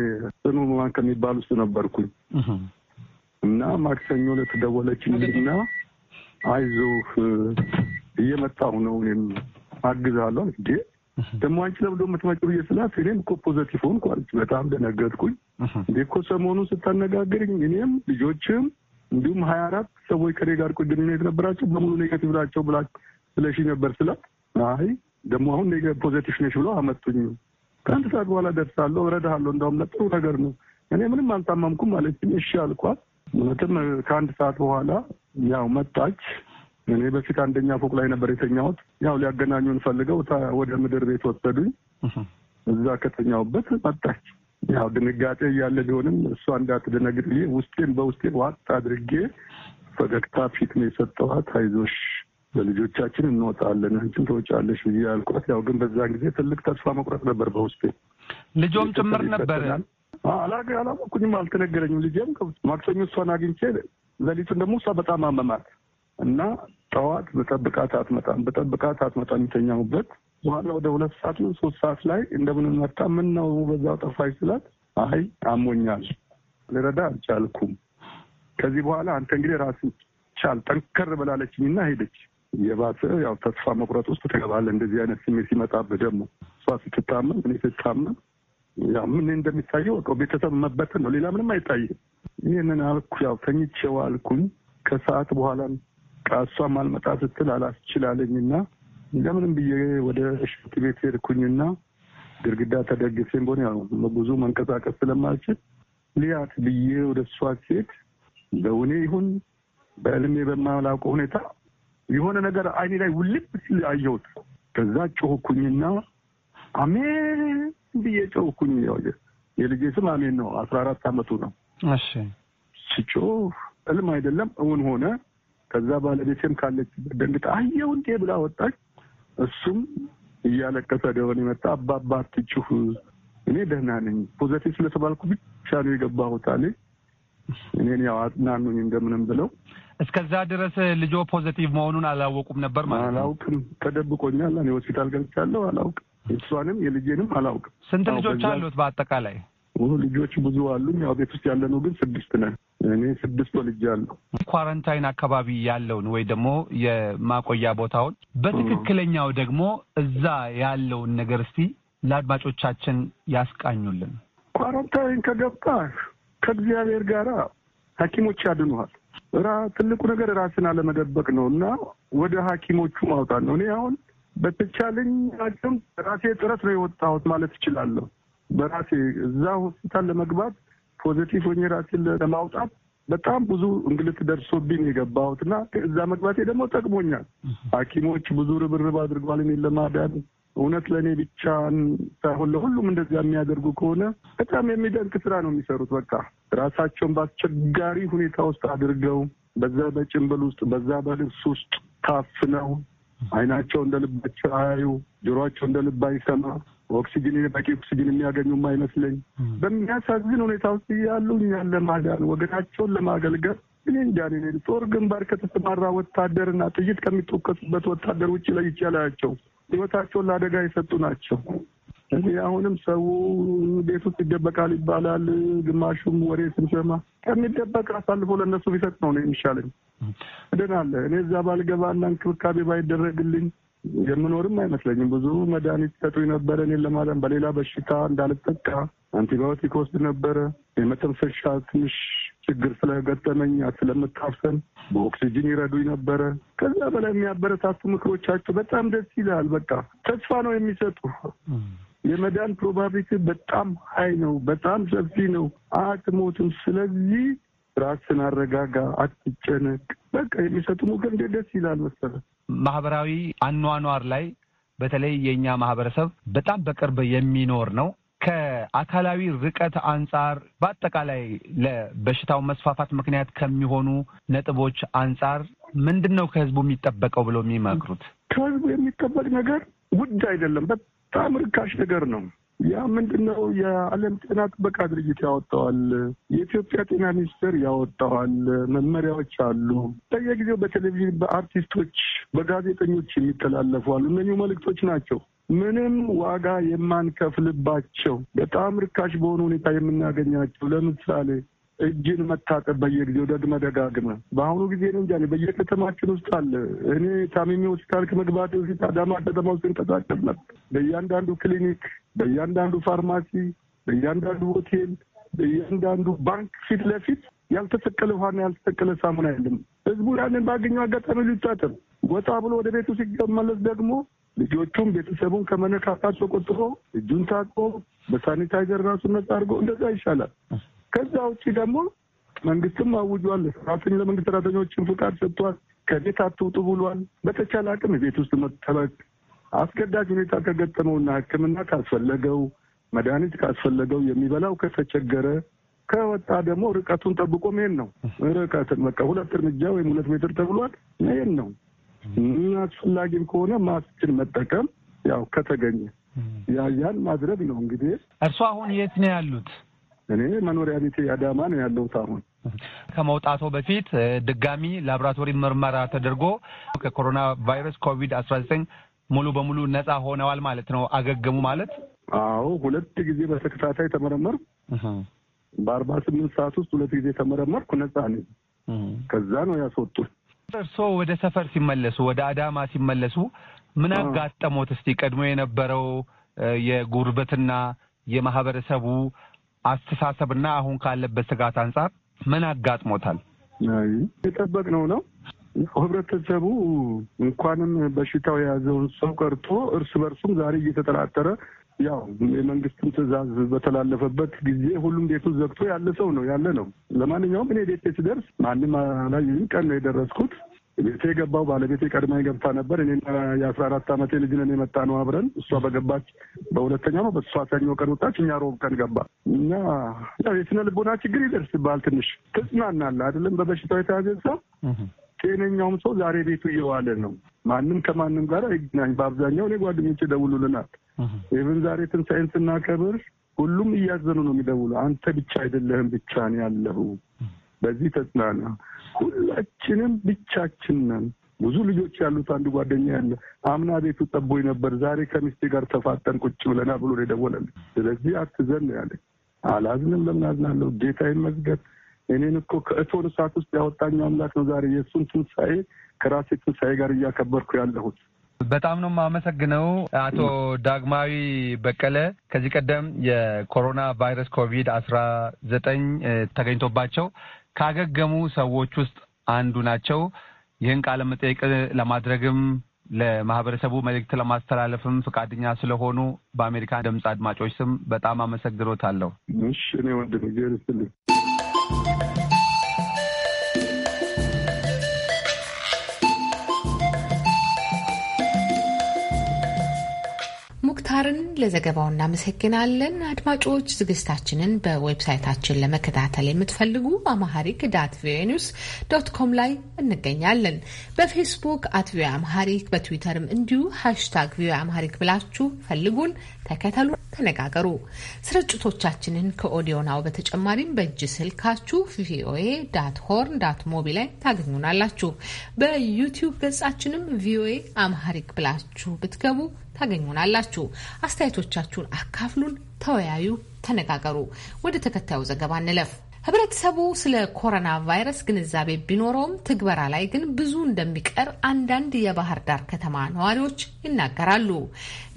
C: ጽኑ ማን ከሚባል ውስጥ ነበርኩኝ እና ማክሰኞ ለተደወለችልኝና አይዞህ እየመጣሁ ነው እኔም አግዛለሁ እንዴ ደግሞ አንቺ ለብዶ የምትመጪው ብዬ ስላት እኔም እኮ ፖዘቲቭ ሆንኩ አለች። በጣም ደነገጥኩኝ። እንዴ እኮ ሰሞኑን ስታነጋግርኝ እኔም ልጆችም እንዲሁም ሀያ አራት ሰዎች ከኔ ጋር ግንኙነት ነበራቸው በሙሉ ኔጋቲቭ ናቸው ብላ ስለሺ ነበር ስላት አይ ደግሞ አሁን ፖዘቲቭ ነሽ ብሎ አመጡኝ። ከአንድ ሰዓት በኋላ ደርሳለሁ፣ እረዳሃለሁ፣ እንዳውም ለጥሩ ነገር ነው እኔ ምንም አልታመምኩም አለችኝ። እሺ አልኳት። እውነትም ከአንድ ሰዓት በኋላ ያው መጣች። እኔ በፊት አንደኛ ፎቅ ላይ ነበር የተኛሁት። ያው ሊያገናኙን ፈልገው ወደ ምድር ቤት ወሰዱኝ። እዛ ከተኛሁበት መጣች። ያው ድንጋጤ እያለ ቢሆንም እሷ እንዳትደነግጥ ብዬ ውስጤን በውስጤ ዋጥ አድርጌ ፈገግታ ፊት ነው የሰጠኋት። አይዞሽ በልጆቻችን እንወጣለን፣ አንቺም ትወጫለሽ ብዬ ያልኳት። ያው ግን በዛን ጊዜ ትልቅ ተስፋ መቁረጥ ነበር በውስጤ። ልጆም ጭምር ነበር አላ አላወኩኝም፣ አልተነገረኝም። ልጄም ማክሰኞ እሷን አግኝቼ ሌሊቱን ደግሞ እሷ በጣም አመማት እና ጠዋት በጠብቃት አትመጣም በጠብቃት አትመጣም የተኛሁበት በኋላ ወደ ሁለት ሰዓት ነው ሶስት ሰዓት ላይ እንደምንም መጣ። ምን ነው በዛው ጠፋች ስላት አይ አሞኛል፣ ልረዳ አልቻልኩም። ከዚህ በኋላ አንተ እንግዲህ ራስን ቻል ጠንከር ብላለችኝ እና ሄደች። የባሰ ያው ተስፋ መቁረጥ ውስጥ ትገባለህ። እንደዚህ አይነት ስሜት ሲመጣብህ ደግሞ እሷ ስትታመም እኔ ስታመም ምን እንደሚታየው ቤተሰብ መበተን ነው። ሌላ ምንም አይታይም። ይህንን አልኩ። ያው ተኝቼው አልኩኝ። ከሰዓት በኋላ ቃሷም አልመጣ ስትል አላስችላለኝና ለምንም ብዬ ወደ ሽንት ቤት ሄድኩኝና ግርግዳ ተደግፌም በሆነ ያው ብዙ መንቀሳቀስ ስለማልችል ሊያት ብዬ ወደ እሷ ሴት በውኔ ይሁን በእልሜ በማላውቀው ሁኔታ የሆነ ነገር አይኔ ላይ ውልብ ሲል አየሁት። ከዛ ጮህኩኝና አሜን ብዬ ጮኩኝ። የልጄ ስም አሜን ነው። አስራ አራት አመቱ ነው። ስጮህ እልም አይደለም እውን ሆነ። ከዛ ባለቤቴም ካለችበት ደንግጣ አየው እንዴ ብላ ወጣች። እሱም እያለቀሰ ደሆን የመጣ አባባ አትጩህ፣ እኔ ደህና ነኝ፣ ፖዘቲቭ ስለተባልኩ ብቻ ነው የገባሁት አለኝ። እኔን ያው አጽናኑኝ እንደምንም ብለው። እስከዛ
F: ድረስ ልጆ ፖዘቲቭ መሆኑን አላወቁም ነበር ማለት ነው? አላውቅም፣
C: ተደብቆኛል። እኔ ሆስፒታል ገብቻለሁ፣ አላውቅም እሷንም የልጄንም አላውቅም። ስንት ልጆች አሉት? በአጠቃላይ ልጆች ብዙ አሉ። ያው ቤት ውስጥ ነው ግን ስድስት ነን። እኔ ስድስት ወልጅ አለው።
F: ኳረንታይን አካባቢ ያለውን ወይ ደግሞ የማቆያ ቦታውን በትክክለኛው ደግሞ እዛ ያለውን ነገር እስቲ ለአድማጮቻችን ያስቃኙልን።
C: ኳረንታይን ከገባ ከእግዚአብሔር ጋር ሐኪሞች ያድኑሃል። ራ ትልቁ ነገር ራስን አለመደበቅ ነው እና ወደ ሐኪሞቹ ማውጣት ነው። እኔ አሁን በተቻለኝ አቅም በራሴ ጥረት ነው የወጣሁት ማለት እችላለሁ። በራሴ እዛ ሆስፒታል ለመግባት ፖዘቲቭ ሆኜ ራሴን ለማውጣት በጣም ብዙ እንግልት ደርሶብኝ የገባሁት እና እዛ መግባቴ ደግሞ ጠቅሞኛል። ሐኪሞች ብዙ ርብርብ አድርጓል እኔን ለማዳን እውነት ለእኔ ብቻ ሳይሆን ለሁሉም እንደዚያ የሚያደርጉ ከሆነ በጣም የሚደንቅ ስራ ነው የሚሰሩት። በቃ ራሳቸውን በአስቸጋሪ ሁኔታ ውስጥ አድርገው በዛ በጭንብል ውስጥ በዛ በልብስ ውስጥ ታፍነው አይናቸው እንደ ልባቸው አያዩ፣ ጆሮቸው እንደ ልብ አይሰማ፣ ኦክሲጅን በቂ ኦክሲጅን የሚያገኙም አይመስለኝ። በሚያሳዝን ሁኔታ ውስጥ ያሉ እኛን ለማዳን ወገናቸውን ለማገልገል እኔ እንጃኔ ጦር ግንባር ከተሰማራ ወታደርና ጥይት ከሚተኮሱበት ወታደር ውጭ ለይቼ አላያቸው። ህይወታቸውን ለአደጋ የሰጡ ናቸው። እዚህ አሁንም ሰው ቤት ውስጥ ይደበቃል ይባላል። ግማሹም ወሬ ስንሰማ ከሚደበቅ አሳልፎ ለእነሱ ቢሰጥ ነው ነው የሚሻለኝ። እድናለ እኔ እዛ ባልገባና እንክብካቤ ባይደረግልኝ የምኖርም አይመስለኝም። ብዙ መድኃኒት ሰጡ ነበረ እኔን ለማዳን በሌላ በሽታ እንዳልጠቃ አንቲባዮቲክ ወስድ ነበረ። የመተንፈሻ ትንሽ ችግር ስለገጠመኝ ስለምታፍሰን በኦክሲጂን ይረዱኝ ነበረ። ከዛ በላይ የሚያበረታቱ ምክሮቻቸው በጣም ደስ ይላል። በቃ ተስፋ ነው የሚሰጡ የመዳን ፕሮባቢሊቲ በጣም ሀይ ነው፣ በጣም ሰፊ ነው። አትሞትም። ስለዚህ ራስን አረጋጋ፣ አትጨነቅ። በቃ የሚሰጡ ምክር እንደ ደስ ይላል መሰለ።
F: ማህበራዊ አኗኗር ላይ በተለይ የእኛ ማህበረሰብ በጣም በቅርብ የሚኖር ነው። ከአካላዊ ርቀት አንጻር በአጠቃላይ ለበሽታው መስፋፋት ምክንያት ከሚሆኑ ነጥቦች አንጻር ምንድን ነው ከህዝቡ የሚጠበቀው ብሎ የሚመክሩት?
C: ከህዝቡ የሚጠበቅ ነገር ውድ አይደለም። በጣም ርካሽ ነገር ነው። ያ ምንድነው? የዓለም ጤና ጥበቃ ድርጅት ያወጣዋል። የኢትዮጵያ ጤና ሚኒስቴር ያወጣዋል። መመሪያዎች አሉ። በየጊዜው በቴሌቪዥን በአርቲስቶች፣ በጋዜጠኞች የሚተላለፉ አሉ። እነኚህ መልእክቶች ናቸው ምንም ዋጋ የማንከፍልባቸው በጣም ርካሽ በሆነ ሁኔታ የምናገኛቸው ለምሳሌ እጅን መታጠብ በየጊዜው ደግመ ደጋግመ በአሁኑ ጊዜ ነው እንጃ በየከተማችን ውስጥ አለ። እኔ ታሚሚ ሆስፒታል ከመግባት በፊት አዳማ ከተማ ውስጥ እንቀሳቀስ ነበር። በእያንዳንዱ ክሊኒክ፣ በእያንዳንዱ ፋርማሲ፣ በእያንዳንዱ ሆቴል፣ በእያንዳንዱ ባንክ ፊት ለፊት ያልተሰቀለ ውሃና ያልተሰቀለ ሳሙና የለም። ህዝቡ ያንን ባገኘው አጋጣሚ ሊታጠብ ወጣ ብሎ ወደ ቤቱ ሲመለስ ደግሞ ልጆቹም ቤተሰቡን ከመነካካት ተቆጥቦ እጁን ታጥቦ በሳኒታይዘር ራሱ ነጻ አድርጎ እንደዛ ይሻላል። ከዛ ውጭ ደግሞ መንግስትም አውጇል። ሰራተኞች ለመንግስት ሰራተኞችን ፍቃድ ሰጥቷል። ከቤት አትውጡ ብሏል። በተቻለ አቅም የቤት ውስጥ መጠበቅ አስገዳጅ ሁኔታ ከገጠመውና ሕክምና ካስፈለገው መድኃኒት ካስፈለገው የሚበላው ከተቸገረ ከወጣ ደግሞ ርቀቱን ጠብቆ መሄድ ነው። ርቀትን በቃ ሁለት እርምጃ ወይም ሁለት ሜትር ተብሏል መሄድ ነው። አስፈላጊም ከሆነ ማስችን መጠቀም ያው ከተገኘ ያያን ማድረግ ነው። እንግዲህ እርሱ አሁን የት ነው ያሉት? እኔ መኖሪያ ቤቴ አዳማ ነው ያለሁት። አሁን
F: ከመውጣቱ በፊት ድጋሚ ላቦራቶሪ ምርመራ ተደርጎ ከኮሮና ቫይረስ ኮቪድ አስራ ዘጠኝ ሙሉ በሙሉ ነጻ ሆነዋል ማለት ነው። አገገሙ ማለት
C: አዎ። ሁለት ጊዜ በተከታታይ ተመረመርኩ። በአርባ ስምንት ሰዓት ውስጥ ሁለት ጊዜ ተመረመርኩ። ነጻ ነኝ። ከዛ ነው ያስወጡት።
F: እርስዎ ወደ ሰፈር ሲመለሱ፣ ወደ አዳማ ሲመለሱ ምን አጋጠሞት? እስቲ ቀድሞ የነበረው የጉርበትና የማህበረሰቡ አስተሳሰብና አሁን ካለበት ስጋት አንጻር ምን አጋጥሞታል?
C: የጠበቅ ነው። ህብረተሰቡ እንኳንም በሽታው የያዘውን ሰው ቀርቶ እርስ በርሱም ዛሬ እየተጠራጠረ ያው የመንግስትን ትዕዛዝ በተላለፈበት ጊዜ ሁሉም ቤቱን ዘግቶ ያለ ሰው ነው ያለ ነው። ለማንኛውም እኔ ቤት ስደርስ ማንም አላየኝም። ቀን ነው የደረስኩት። ቤቴ የገባው ባለቤቴ ቀድማ የገብታ ነበር። እኔ የአስራ አራት ዓመቴ ልጅ ነን የመጣ ነው አብረን። እሷ በገባች በሁለተኛው ነው በእሷ ሰኞ ቀን ወጣች፣ እኛ ሮብ ቀን ገባ እና የስነ ልቦና ችግር ይደርስብሃል። ትንሽ ትጽናናለ አይደለም? በበሽታው የተያዘ ሰው ጤነኛውም ሰው ዛሬ ቤቱ እየዋለ ነው። ማንም ከማንም ጋር አይገናኝ። በአብዛኛው እኔ ጓደኞቼ ደውሉልናል። ይህን ዛሬ ትንሣኤን ስናከብር ሁሉም እያዘኑ ነው የሚደውሉ። አንተ ብቻ አይደለህም ብቻ ነው ያለሁ በዚህ ተጽናና። ሁላችንም ብቻችን ነን። ብዙ ልጆች ያሉት አንድ ጓደኛ ያለ አምና ቤቱ ጠቦኝ ነበር፣ ዛሬ ከሚስቴ ጋር ተፋጠን ቁጭ ብለና ብሎ ደወለልኝ። ስለዚህ አትዘን ነው ያለኝ። አላዝንም። ለምን አዝናለሁ? ጌታ ይመስገን። እኔን እኮ ከእቶን እሳት ውስጥ ያወጣኝ አምላክ ነው። ዛሬ የእሱን ትንሣኤ ከራሴ ትንሣኤ ጋር እያከበርኩ ያለሁት
F: በጣም ነው የማመሰግነው አቶ ዳግማዊ በቀለ። ከዚህ ቀደም የኮሮና ቫይረስ ኮቪድ አስራ ዘጠኝ ተገኝቶባቸው ካገገሙ ሰዎች ውስጥ አንዱ ናቸው። ይህን ቃለ መጠየቅ ለማድረግም ለማህበረሰቡ መልእክት ለማስተላለፍም ፈቃደኛ ስለሆኑ በአሜሪካን ድምፅ አድማጮች ስም በጣም አመሰግኖታለሁ።
C: እሺ እኔ ወንድም
A: ለዘገባው እናመሰግናለን። አድማጮች ዝግጅታችንን በዌብሳይታችን ለመከታተል የምትፈልጉ አማሐሪክ ዳት ቪኦኤ ኒውስ ዶት ኮም ላይ እንገኛለን። በፌስቡክ አት ቪኦኤ አማሃሪክ፣ በትዊተርም እንዲሁ ሃሽታግ ቪኦኤ አማሃሪክ ብላችሁ ፈልጉን፣ ተከተሉ፣ ተነጋገሩ። ስርጭቶቻችንን ከኦዲዮ ናው በተጨማሪም በእጅ ስልካችሁ ቪኦኤ ዳት ሆርን ዳት ሞቢ ላይ ታገኙናላችሁ። በዩቲዩብ ገጻችንም ቪኦኤ አማሃሪክ ብላችሁ ብትገቡ ታገኙናላችሁ። አስተያየቶቻችሁን አካፍሉን፣ ተወያዩ፣ ተነጋገሩ። ወደ ተከታዩ ዘገባ እንለፍ። ህብረተሰቡ ስለ ኮሮና ቫይረስ ግንዛቤ ቢኖረውም ትግበራ ላይ ግን ብዙ እንደሚቀር አንዳንድ የባህር ዳር ከተማ ነዋሪዎች ይናገራሉ።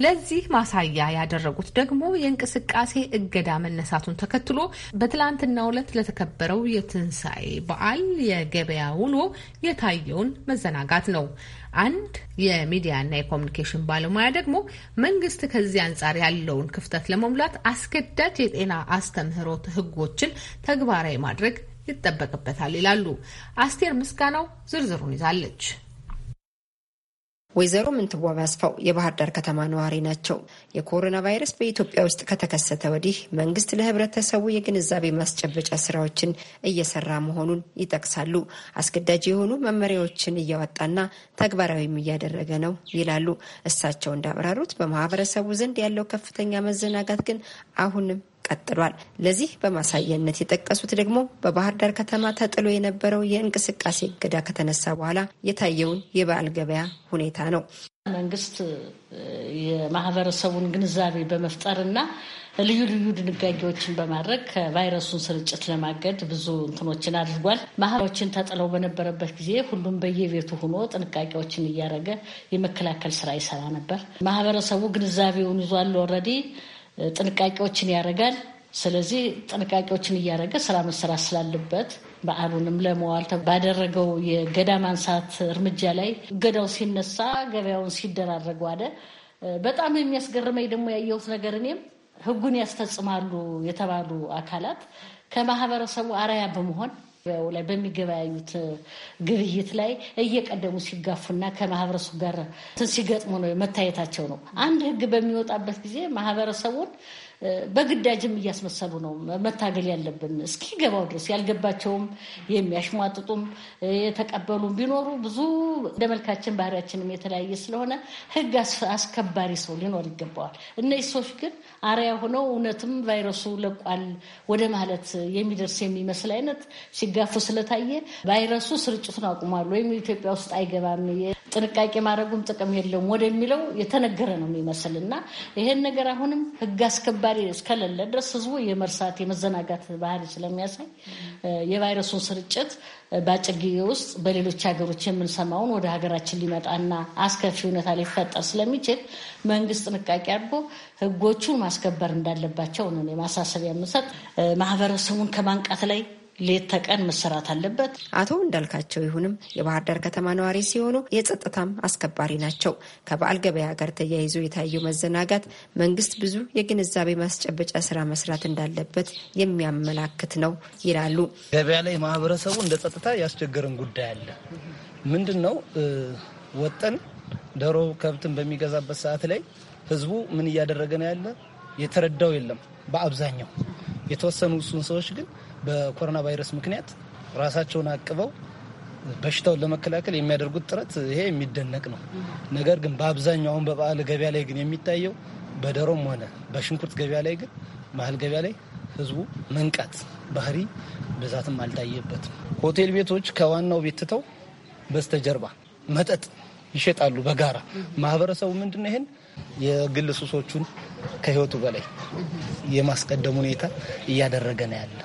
A: ለዚህ ማሳያ ያደረጉት ደግሞ የእንቅስቃሴ እገዳ መነሳቱን ተከትሎ በትላንትናው ዕለት ለተከበረው የትንሣኤ በዓል የገበያ ውሎ የታየውን መዘናጋት ነው። አንድ የሚዲያና የኮሚኒኬሽን ባለሙያ ደግሞ መንግስት ከዚህ አንጻር ያለውን ክፍተት ለመሙላት አስገዳጅ የጤና አስተምህሮት ህጎችን ተግባራዊ ማድረግ ይጠበቅበታል ይላሉ። አስቴር ምስጋናው ዝርዝሩን
G: ይዛለች። ወይዘሮ ምንትዋብ አስፋው የባህር ዳር ከተማ ነዋሪ ናቸው። የኮሮና ቫይረስ በኢትዮጵያ ውስጥ ከተከሰተ ወዲህ መንግስት ለህብረተሰቡ የግንዛቤ ማስጨበጫ ስራዎችን እየሰራ መሆኑን ይጠቅሳሉ። አስገዳጅ የሆኑ መመሪያዎችን እያወጣና ተግባራዊም እያደረገ ነው ይላሉ። እሳቸው እንዳብራሩት በማህበረሰቡ ዘንድ ያለው ከፍተኛ መዘናጋት ግን አሁንም ቀጥሏል። ለዚህ በማሳያነት የጠቀሱት ደግሞ በባህር ዳር ከተማ ተጥሎ የነበረው የእንቅስቃሴ እገዳ ከተነሳ በኋላ የታየውን የበዓል ገበያ ሁኔታ ነው። መንግስት
H: የማህበረሰቡን ግንዛቤ በመፍጠርና ልዩ ልዩ ድንጋጌዎችን በማድረግ ከቫይረሱን ስርጭት ለማገድ ብዙ እንትኖችን አድርጓል። ማህበሮችን ተጥለው በነበረበት ጊዜ ሁሉም በየቤቱ ሆኖ ጥንቃቄዎችን እያደረገ የመከላከል ስራ ይሰራ ነበር። ማህበረሰቡ ግንዛቤውን ይዟል ኦልሬዲ ጥንቃቄዎችን ያደርጋል። ስለዚህ ጥንቃቄዎችን እያደረገ ስራ መሰራት ስላለበት በዓሉንም ለመዋል ባደረገው የገዳ ማንሳት እርምጃ ላይ ገዳው ሲነሳ ገበያውን ሲደራረጉ አለ። በጣም የሚያስገርመኝ ደግሞ ያየሁት ነገር እኔም ህጉን ያስፈጽማሉ የተባሉ አካላት ከማህበረሰቡ አርአያ በመሆን በገበያው ላይ በሚገበያዩት ግብይት ላይ እየቀደሙ ሲጋፉና ከማህበረሰቡ ጋር ሲገጥሙ ነው መታየታቸው ነው። አንድ ህግ በሚወጣበት ጊዜ ማህበረሰቡን በግዳጅም እያስመሰሉ ነው መታገል ያለብን። እስኪገባው ድረስ ያልገባቸውም የሚያሽሟጥጡም የተቀበሉ ቢኖሩ ብዙ እንደ መልካችን ባህሪያችንም የተለያየ ስለሆነ ህግ አስከባሪ ሰው ሊኖር ይገባዋል። እነዚህ ሰዎች ግን አርያ ሆነው እውነትም ቫይረሱ ለቋል ወደ ማለት የሚደርስ የሚመስል አይነት ሲጋፉ ስለታየ ቫይረሱ ስርጭቱን አቁሟል ወይም ኢትዮጵያ ውስጥ አይገባም ጥንቃቄ ማድረጉም ጥቅም የለውም ወደሚለው የተነገረ ነው የሚመስል እና ይሄን ነገር አሁንም ህግ አስከባሪ ዝንባሌ እስከሌለ ድረስ ህዝቡ የመርሳት የመዘናጋት ባህሪ ስለሚያሳይ የቫይረሱን ስርጭት በአጭር ጊዜ ውስጥ በሌሎች ሀገሮች የምንሰማውን ወደ ሀገራችን ሊመጣና አስከፊ ሁኔታ ሊፈጠር ስለሚችል መንግስት ጥንቃቄ አድርጎ ህጎቹን ማስከበር እንዳለባቸው ነው የማሳሰቢያ የምንሰጥ። ማህበረሰቡን
G: ከማንቃት ላይ ሌት ተቀን መሰራት አለበት። አቶ እንዳልካቸው ይሁንም የባህር ዳር ከተማ ነዋሪ ሲሆኑ የጸጥታም አስከባሪ ናቸው። ከበዓል ገበያ ጋር ተያይዞ የታየው መዘናጋት መንግስት ብዙ የግንዛቤ ማስጨበጫ ስራ መስራት እንዳለበት የሚያመላክት
I: ነው ይላሉ። ገበያ ላይ ማህበረሰቡ እንደ ጸጥታ ያስቸገረን ጉዳይ አለ። ምንድን ነው ወጠን ዶሮ ከብትን በሚገዛበት ሰዓት ላይ ህዝቡ ምን እያደረገ ነው ያለ የተረዳው የለም። በአብዛኛው የተወሰኑ እሱን ሰዎች ግን በኮሮና ቫይረስ ምክንያት ራሳቸውን አቅበው በሽታውን ለመከላከል የሚያደርጉት ጥረት ይሄ የሚደነቅ ነው። ነገር ግን በአብዛኛው አሁን በበዓል ገበያ ላይ ግን የሚታየው በደሮም ሆነ በሽንኩርት ገበያ ላይ ግን መሀል ገበያ ላይ ህዝቡ መንቃት ባህሪ ብዛትም አልታየበትም። ሆቴል ቤቶች ከዋናው ቤት ትተው በስተጀርባ መጠጥ ይሸጣሉ በጋራ ማህበረሰቡ ምንድን ነው ይህን የግል ሱሶቹን ከህይወቱ በላይ የማስቀደም ሁኔታ እያደረገ ነው ያለ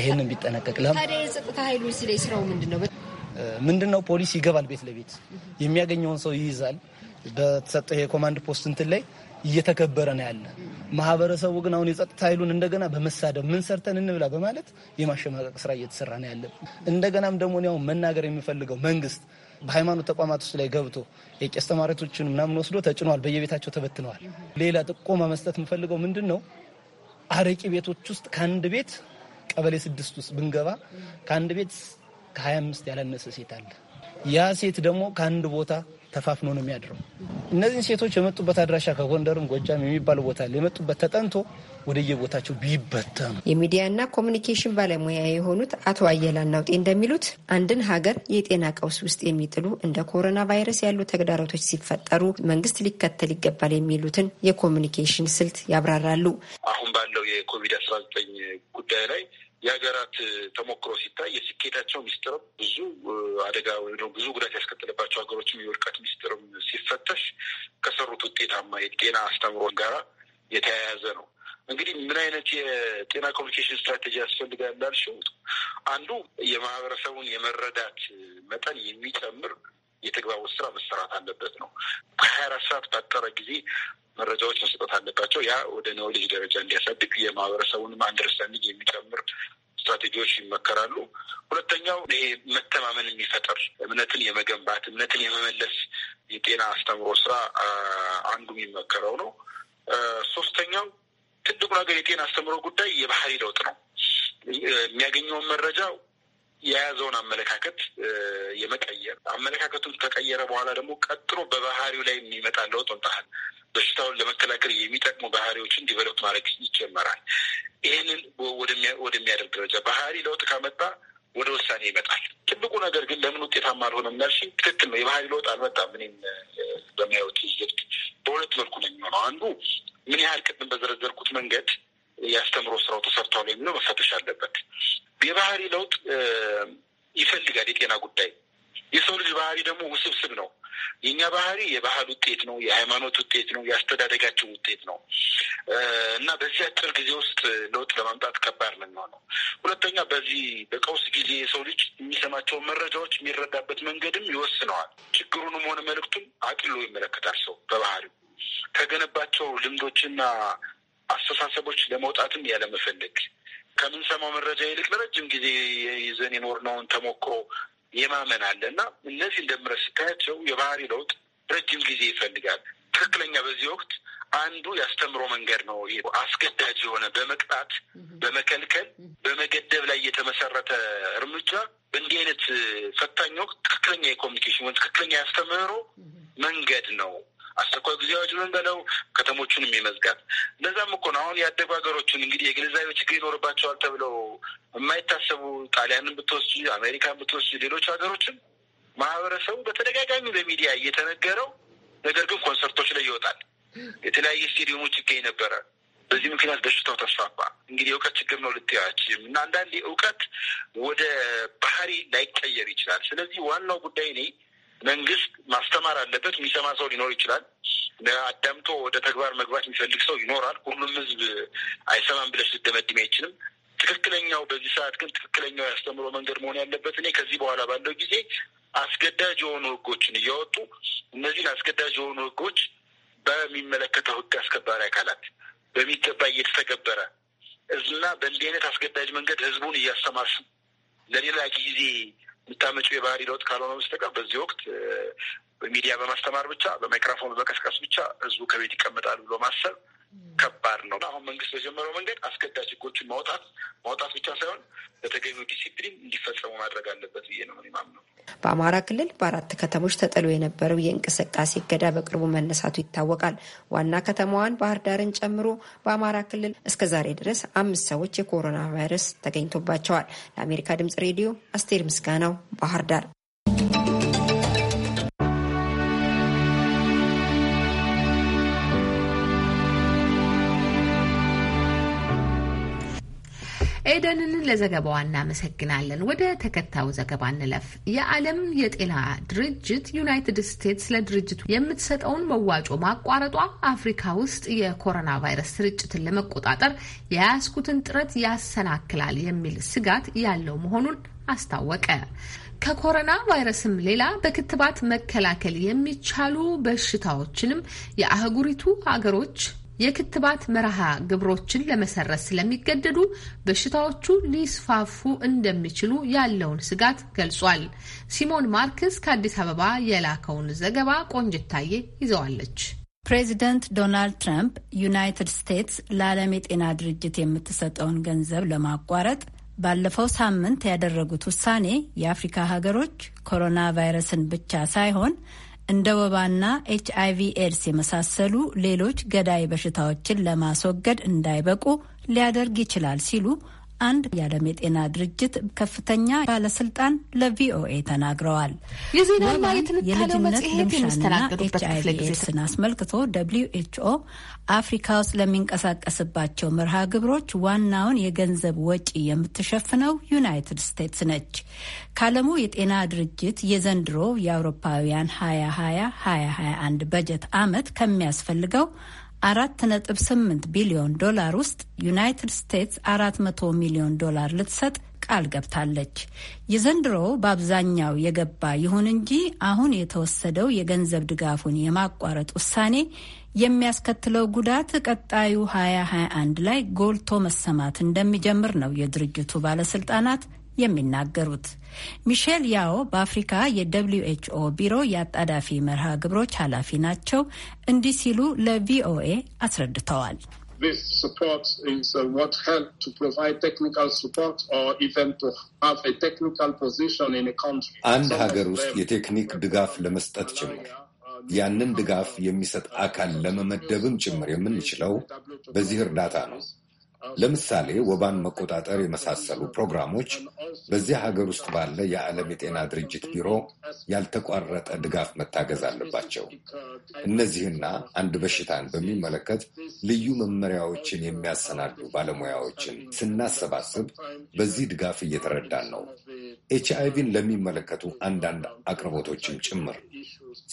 I: ይህንን ቢጠነቀቅ ለም
G: ኃይሉ ስራው ምንድነው
I: ምንድነው? ፖሊስ ይገባል፣ ቤት ለቤት የሚያገኘውን ሰው ይይዛል። በተሰጠው የኮማንድ ፖስት እንትን ላይ እየተከበረ ነው ያለ። ማህበረሰቡ ግን አሁን የጸጥታ ኃይሉን እንደገና በመሳደብ ምን ሰርተን እንብላ በማለት የማሸማቀቅ ስራ እየተሰራ ነው ያለ። እንደገናም ደግሞ ያው መናገር የሚፈልገው መንግስት በሃይማኖት ተቋማት ውስጥ ላይ ገብቶ የቄስ ተማሪቶችን ምናምን ወስዶ ተጭኗል፣ በየቤታቸው ተበትነዋል። ሌላ ጥቆማ መስጠት የምፈልገው ምንድን ነው አረቂ ቤቶች ውስጥ ከአንድ ቤት ቀበሌ ስድስት ውስጥ ብንገባ ከአንድ ቤት ከ25 ያላነሰ ሴት አለ። ያ ሴት ደግሞ ከአንድ ቦታ ተፋፍኖ ነው የሚያድረው። እነዚህን ሴቶች የመጡበት አድራሻ ከጎንደርም ጎጃም የሚባል ቦታ የመጡበት ተጠንቶ ወደየቦታቸው ቢበተኑ።
G: የሚዲያና ኮሚኒኬሽን ባለሙያ የሆኑት አቶ አየላ ናውጤ እንደሚሉት አንድን ሀገር የጤና ቀውስ ውስጥ የሚጥሉ እንደ ኮሮና ቫይረስ ያሉ ተግዳሮቶች ሲፈጠሩ መንግስት ሊከተል ይገባል የሚሉትን የኮሚኒኬሽን ስልት ያብራራሉ። አሁን ባለው የኮቪድ አስራ ዘጠኝ ጉዳይ ላይ የሀገራት
J: ተሞክሮ ሲታይ የስኬታቸው ሚስጥርም ብዙ አደጋ ወይ ብዙ ጉዳት ያስከተለባቸው ሀገሮችም የውድቀት ሚስጥርም ሲፈተሽ ከሰሩት ውጤታማ የጤና አስተምሮ ጋራ የተያያዘ ነው። እንግዲህ ምን አይነት የጤና ኮሚኒኬሽን ስትራቴጂ ያስፈልጋል ላልሽው፣ አንዱ የማህበረሰቡን የመረዳት መጠን የሚጨምር የተግባቦት ስራ መሰራት አለበት ነው። ከሀያ አራት ሰዓት ባጠረ ጊዜ መረጃዎች መስጠት አለባቸው። ያ ወደ ኖሌጅ ደረጃ እንዲያሳድግ የማህበረሰቡንም አንደርስታንዲንግ የሚጨምር ስትራቴጂዎች ይመከራሉ። ሁለተኛው ይሄ መተማመን የሚፈጠር እምነትን የመገንባት እምነትን የመመለስ የጤና አስተምሮ ስራ አንዱ የሚመከረው ነው። ሶስተኛው ትልቁ ነገር የጤና አስተምሮ ጉዳይ የባህሪ ለውጥ ነው። የሚያገኘውን መረጃ የያዘውን አመለካከት የመቀየር አመለካከቱ ከቀየረ በኋላ ደግሞ ቀጥሎ በባህሪው ላይ የሚመጣ ለውጥ ወጣል በሽታውን ለመከላከል የሚጠቅሙ ባህሪዎችን ዲቨሎፕ ማድረግ ይጀመራል። ይህንን ወደሚያደርግ ደረጃ ባህሪ ለውጥ ካመጣ ወደ ውሳኔ ይመጣል። ትልቁ ነገር ግን ለምን ውጤታማ አልሆነም ያልሽ ትክክል ነው። የባህሪ ለውጥ አልመጣም። እኔም በሚያዩት በሁለት መልኩ ነው የሚሆነው። አንዱ ምን ያህል ቅድም በዘረዘርኩት መንገድ የአስተምሮ ስራው ተሰርቷል የሚለው መፈተሽ አለበት። የባህሪ ለውጥ ይፈልጋል የጤና ጉዳይ። የሰው ልጅ ባህሪ ደግሞ ውስብስብ ነው። የእኛ ባህሪ የባህል ውጤት ነው፣ የሃይማኖት ውጤት ነው፣ የአስተዳደጋችን ውጤት ነው እና በዚህ አጭር ጊዜ ውስጥ ለውጥ ለማምጣት ከባድ ነው የሚሆነው። ሁለተኛ በዚህ በቀውስ ጊዜ የሰው ልጅ የሚሰማቸውን መረጃዎች የሚረዳበት መንገድም ይወስነዋል። ችግሩንም ሆነ መልእክቱም አቅሎ ይመለከታል። ሰው በባህሪው ከገነባቸው ልምዶችና አስተሳሰቦች ለመውጣትም ያለመፈለግ ከምንሰማው መረጃ ይልቅ ለረጅም ጊዜ ይዘን የኖርነውን ተሞክሮ የማመን አለ እና እነዚህ እንደምረ ስታያቸው የባህሪ ለውጥ ረጅም ጊዜ ይፈልጋል። ትክክለኛ በዚህ ወቅት አንዱ ያስተምሮ መንገድ ነው። አስገዳጅ የሆነ በመቅጣት በመከልከል፣ በመገደብ ላይ የተመሰረተ እርምጃ በእንዲህ አይነት ፈታኝ ወቅት ትክክለኛ የኮሚኒኬሽን ወይም ትክክለኛ ያስተምህሮ መንገድ ነው። አስቸኳይ ጊዜ አዋጁን በለው ከተሞቹን የሚመዝጋት እነዛም እኮ ነው አሁን ያደጉ ሀገሮችን እንግዲህ የግንዛቤ ችግር ይኖርባቸዋል ተብለው የማይታሰቡ ጣሊያንን ብትወስድ፣ አሜሪካን ብትወስድ፣ ሌሎች ሀገሮችን ማህበረሰቡ በተደጋጋሚ በሚዲያ እየተነገረው ነገር ግን ኮንሰርቶች ላይ ይወጣል። የተለያየ ስቴዲየሞች ይገኝ ነበረ። በዚህ ምክንያት በሽታው ተስፋፋ። እንግዲህ የእውቀት ችግር ነው ልትያችም እና አንዳንዴ እውቀት ወደ ባህሪ ላይቀየር ይችላል። ስለዚህ ዋናው ጉዳይ እኔ መንግስት ማስተማር አለበት። የሚሰማ ሰው ሊኖር ይችላል። አዳምቶ ወደ ተግባር መግባት የሚፈልግ ሰው ይኖራል። ሁሉም ህዝብ አይሰማም ብለሽ ልደመድም አይችልም። ትክክለኛው በዚህ ሰዓት ግን ትክክለኛው ያስተምሮ መንገድ መሆን ያለበት እኔ ከዚህ በኋላ ባለው ጊዜ አስገዳጅ የሆኑ ህጎችን እያወጡ እነዚህን አስገዳጅ የሆኑ ህጎች በሚመለከተው ህግ አስከባሪ አካላት በሚገባ እየተተገበረ እና በእንዲህ አይነት አስገዳጅ መንገድ ህዝቡን እያስተማር ለሌላ ጊዜ የምታመጩ የባህሪ ለውጥ ካልሆነ በስተቀር በዚህ ወቅት በሚዲያ በማስተማር ብቻ በማይክሮፎን በመቀስቀስ ብቻ ህዝቡ ከቤት ይቀመጣል ብሎ ማሰብ ከባድ ነው። አሁን መንግስት በጀመረው መንገድ አስገዳጅ ህጎችን ማውጣት ማውጣት ብቻ ሳይሆን በተገቢው ዲሲፕሊን እንዲፈጸሙ ማድረግ አለበት ብዬ ነው
G: ማምነው። በአማራ ክልል በአራት ከተሞች ተጥሎ የነበረው የእንቅስቃሴ እገዳ በቅርቡ መነሳቱ ይታወቃል። ዋና ከተማዋን ባህር ዳርን ጨምሮ በአማራ ክልል እስከ ዛሬ ድረስ አምስት ሰዎች የኮሮና ቫይረስ ተገኝቶባቸዋል። ለአሜሪካ ድምጽ ሬዲዮ አስቴር ምስጋናው ባህር ዳር
A: ኤደንን ለዘገባዋ እናመሰግናለን። ወደ ተከታዩ ዘገባ እንለፍ። የዓለም የጤና ድርጅት ዩናይትድ ስቴትስ ለድርጅቱ የምትሰጠውን መዋጮ ማቋረጧ አፍሪካ ውስጥ የኮሮና ቫይረስ ስርጭትን ለመቆጣጠር የያዝኩትን ጥረት ያሰናክላል የሚል ስጋት ያለው መሆኑን አስታወቀ። ከኮሮና ቫይረስም ሌላ በክትባት መከላከል የሚቻሉ በሽታዎችንም የአህጉሪቱ አገሮች የክትባት መርሃ ግብሮችን ለመሰረት ስለሚገደዱ በሽታዎቹ ሊስፋፉ እንደሚችሉ ያለውን ስጋት ገልጿል። ሲሞን ማርክስ ከአዲስ አበባ የላከውን ዘገባ ቆንጅታዬ ይዘዋለች። ፕሬዚደንት ዶናልድ ትራምፕ
K: ዩናይትድ ስቴትስ ለዓለም የጤና ድርጅት የምትሰጠውን ገንዘብ ለማቋረጥ ባለፈው ሳምንት ያደረጉት ውሳኔ የአፍሪካ ሀገሮች ኮሮና ቫይረስን ብቻ ሳይሆን እንደ ወባና ኤች አይቪ ኤድስ የመሳሰሉ ሌሎች ገዳይ በሽታዎችን ለማስወገድ እንዳይበቁ ሊያደርግ ይችላል ሲሉ አንድ የዓለም የጤና ድርጅት ከፍተኛ ባለስልጣን ለቪኦኤ ተናግረዋል።
A: የልጅነት
K: ልምሻና አስመልክቶ ደብሊዩ ኤችኦ አፍሪካ ውስጥ ለሚንቀሳቀስባቸው መርሃ ግብሮች ዋናውን የገንዘብ ወጪ የምትሸፍነው ዩናይትድ ስቴትስ ነች። ከዓለሙ የጤና ድርጅት የዘንድሮ የአውሮፓውያን 2020 2021 በጀት ዓመት ከሚያስፈልገው አራት ነጥብ ስምንት ቢሊዮን ዶላር ውስጥ ዩናይትድ ስቴትስ አራት መቶ ሚሊዮን ዶላር ልትሰጥ ቃል ገብታለች። የዘንድሮው በአብዛኛው የገባ ይሁን እንጂ አሁን የተወሰደው የገንዘብ ድጋፉን የማቋረጥ ውሳኔ የሚያስከትለው ጉዳት ቀጣዩ 2021 ላይ ጎልቶ መሰማት እንደሚጀምር ነው የድርጅቱ ባለስልጣናት የሚናገሩት። ሚሼል ያዎ በአፍሪካ የደብሊዩ ኤችኦ ቢሮ የአጣዳፊ መርሃ ግብሮች ኃላፊ ናቸው። እንዲህ ሲሉ ለቪኦኤ
L: አስረድተዋል። uh, አንድ ሀገር ውስጥ የቴክኒክ ድጋፍ ለመስጠት ጭምር uh, ያንን ድጋፍ የሚሰጥ አካል uh, ለመመደብም ጭምር የምንችለው e በዚህ እርዳታ ነው። ለምሳሌ ወባን መቆጣጠር የመሳሰሉ ፕሮግራሞች በዚህ ሀገር ውስጥ ባለ የዓለም የጤና ድርጅት ቢሮ ያልተቋረጠ ድጋፍ መታገዝ አለባቸው። እነዚህና አንድ በሽታን በሚመለከት ልዩ መመሪያዎችን የሚያሰናዱ ባለሙያዎችን ስናሰባስብ በዚህ ድጋፍ እየተረዳን ነው። ኤች አይቪን ለሚመለከቱ አንዳንድ አቅርቦቶችም ጭምር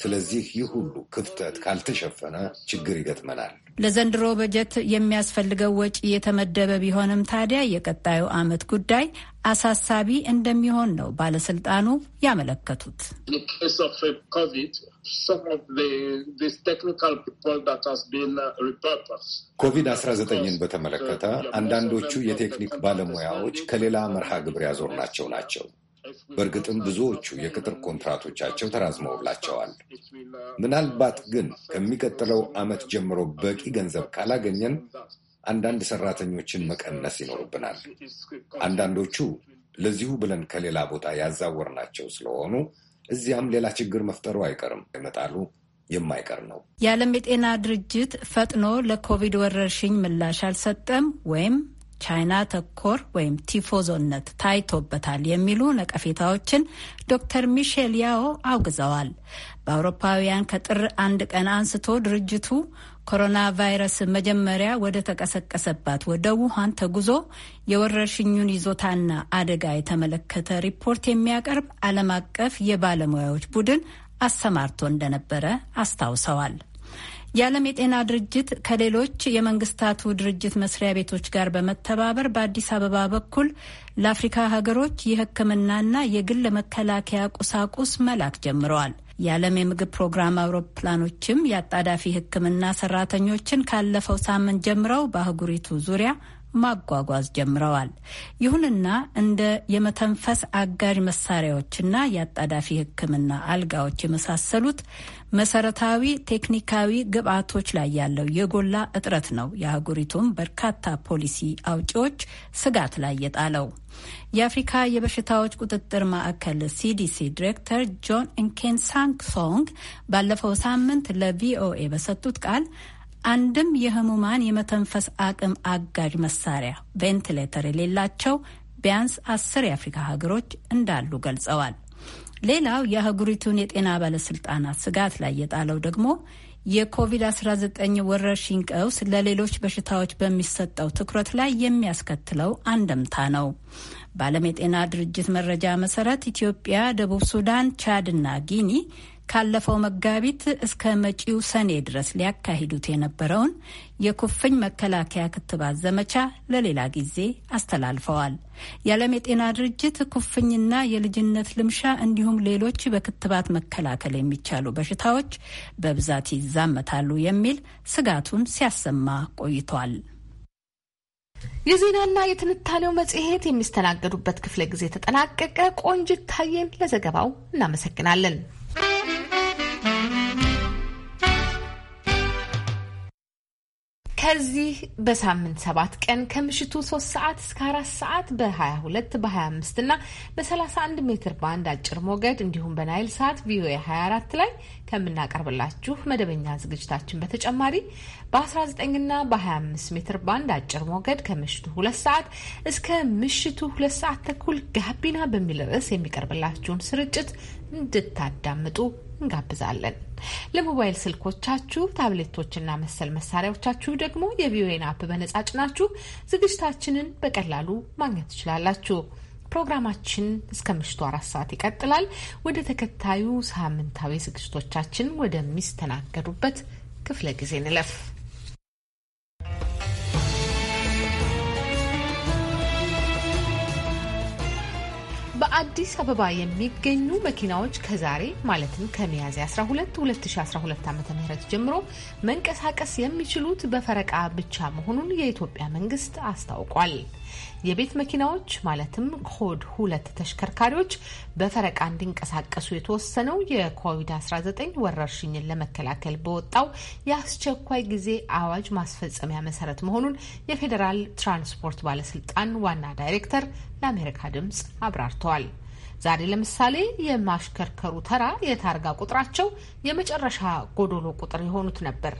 L: ስለዚህ ይህ ሁሉ ክፍተት ካልተሸፈነ ችግር ይገጥመናል።
K: ለዘንድሮ በጀት የሚያስፈልገው ወጪ የተመደበ ቢሆንም ታዲያ የቀጣዩ ዓመት ጉዳይ አሳሳቢ እንደሚሆን ነው ባለስልጣኑ ያመለከቱት።
E: uh,
L: uh, 19 በተመለከተ አንዳንዶቹ የቴክኒክ ባለሙያዎች ከሌላ መርሃ ግብር ናቸው ናቸው። በእርግጥም ብዙዎቹ የቅጥር ኮንትራቶቻቸው ተራዝመውላቸዋል። ምናልባት ግን ከሚቀጥለው ዓመት ጀምሮ በቂ ገንዘብ ካላገኘን አንዳንድ ሰራተኞችን መቀነስ ይኖርብናል። አንዳንዶቹ ለዚሁ ብለን ከሌላ ቦታ ያዛወርናቸው ስለሆኑ እዚያም ሌላ ችግር መፍጠሩ አይቀርም ይመጣሉ የማይቀር ነው።
K: የዓለም የጤና ድርጅት ፈጥኖ ለኮቪድ ወረርሽኝ ምላሽ አልሰጠም ወይም ቻይና ተኮር ወይም ቲፎዞነት ታይቶበታል የሚሉ ነቀፌታዎችን ዶክተር ሚሼል ያዎ አውግዘዋል። በአውሮፓውያን ከጥር አንድ ቀን አንስቶ ድርጅቱ ኮሮና ቫይረስ መጀመሪያ ወደ ተቀሰቀሰባት ወደ ውሃን ተጉዞ የወረርሽኙን ይዞታና አደጋ የተመለከተ ሪፖርት የሚያቀርብ ዓለም አቀፍ የባለሙያዎች ቡድን አሰማርቶ እንደነበረ አስታውሰዋል። የዓለም የጤና ድርጅት ከሌሎች የመንግስታቱ ድርጅት መስሪያ ቤቶች ጋር በመተባበር በአዲስ አበባ በኩል ለአፍሪካ ሀገሮች የሕክምናና የግል መከላከያ ቁሳቁስ መላክ ጀምረዋል። የዓለም የምግብ ፕሮግራም አውሮፕላኖችም የአጣዳፊ ሕክምና ሰራተኞችን ካለፈው ሳምንት ጀምረው በአህጉሪቱ ዙሪያ ማጓጓዝ ጀምረዋል። ይሁንና እንደ የመተንፈስ አጋዥ መሳሪያዎችና የአጣዳፊ ሕክምና አልጋዎች የመሳሰሉት መሰረታዊ ቴክኒካዊ ግብዓቶች ላይ ያለው የጎላ እጥረት ነው የአህጉሪቱም በርካታ ፖሊሲ አውጪዎች ስጋት ላይ የጣለው። የአፍሪካ የበሽታዎች ቁጥጥር ማዕከል ሲዲሲ ዲሬክተር ጆን ኢንኬንሳንግ ሶንግ ባለፈው ሳምንት ለቪኦኤ በሰጡት ቃል አንድም የህሙማን የመተንፈስ አቅም አጋዥ መሳሪያ ቬንቲሌተር የሌላቸው ቢያንስ አስር የአፍሪካ ሀገሮች እንዳሉ ገልጸዋል። ሌላው የአህጉሪቱን የጤና ባለስልጣናት ስጋት ላይ የጣለው ደግሞ የኮቪድ-19 ወረርሽኝ ቀውስ ለሌሎች በሽታዎች በሚሰጠው ትኩረት ላይ የሚያስከትለው አንደምታ ነው። በዓለም የጤና ድርጅት መረጃ መሰረት ኢትዮጵያ፣ ደቡብ ሱዳን፣ ቻድና ጊኒ ካለፈው መጋቢት እስከ መጪው ሰኔ ድረስ ሊያካሂዱት የነበረውን የኩፍኝ መከላከያ ክትባት ዘመቻ ለሌላ ጊዜ አስተላልፈዋል። የዓለም የጤና ድርጅት ኩፍኝና የልጅነት ልምሻ እንዲሁም ሌሎች በክትባት መከላከል የሚቻሉ በሽታዎች በብዛት ይዛመታሉ የሚል ስጋቱን ሲያሰማ ቆይቷል።
A: የዜናና የትንታኔው መጽሔት የሚስተናገዱበት ክፍለ ጊዜ ተጠናቀቀ። ቆንጅት ታየን ለዘገባው እናመሰግናለን። ከዚህ በሳምንት ሰባት ቀን ከምሽቱ ሶስት ሰዓት እስከ አራት ሰዓት በ22 በ25 እና በ31 ሜትር ባንድ አጭር ሞገድ እንዲሁም በናይል ሰዓት ቪኦኤ 24 ላይ ከምናቀርብላችሁ መደበኛ ዝግጅታችን በተጨማሪ በ19 እና በ25 ሜትር ባንድ አጭር ሞገድ ከምሽቱ ሁለት ሰዓት እስከ ምሽቱ ሁለት ሰዓት ተኩል ጋቢና በሚል ርዕስ የሚቀርብላችሁን ስርጭት እንድታዳምጡ እንጋብዛለን። ለሞባይል ስልኮቻችሁ ታብሌቶችና መሰል መሳሪያዎቻችሁ ደግሞ የቪኦኤን አፕ በነጻ ጭናችሁ ዝግጅታችንን በቀላሉ ማግኘት ትችላላችሁ። ፕሮግራማችን እስከ ምሽቱ አራት ሰዓት ይቀጥላል። ወደ ተከታዩ ሳምንታዊ ዝግጅቶቻችን ወደሚስተናገዱበት ክፍለ ጊዜ ንለፍ። በአዲስ አበባ የሚገኙ መኪናዎች ከዛሬ ማለትም ከሚያዝያ 12 2012 ዓ ም ጀምሮ መንቀሳቀስ የሚችሉት በፈረቃ ብቻ መሆኑን የኢትዮጵያ መንግስት አስታውቋል። የቤት መኪናዎች ማለትም ኮድ ሁለት ተሽከርካሪዎች በፈረቃ እንዲንቀሳቀሱ የተወሰነው የኮቪድ-19 ወረርሽኝን ለመከላከል በወጣው የአስቸኳይ ጊዜ አዋጅ ማስፈጸሚያ መሰረት መሆኑን የፌዴራል ትራንስፖርት ባለስልጣን ዋና ዳይሬክተር ለአሜሪካ ድምፅ አብራርተዋል። ዛሬ ለምሳሌ የማሽከርከሩ ተራ የታርጋ ቁጥራቸው የመጨረሻ ጎዶሎ ቁጥር የሆኑት ነበር።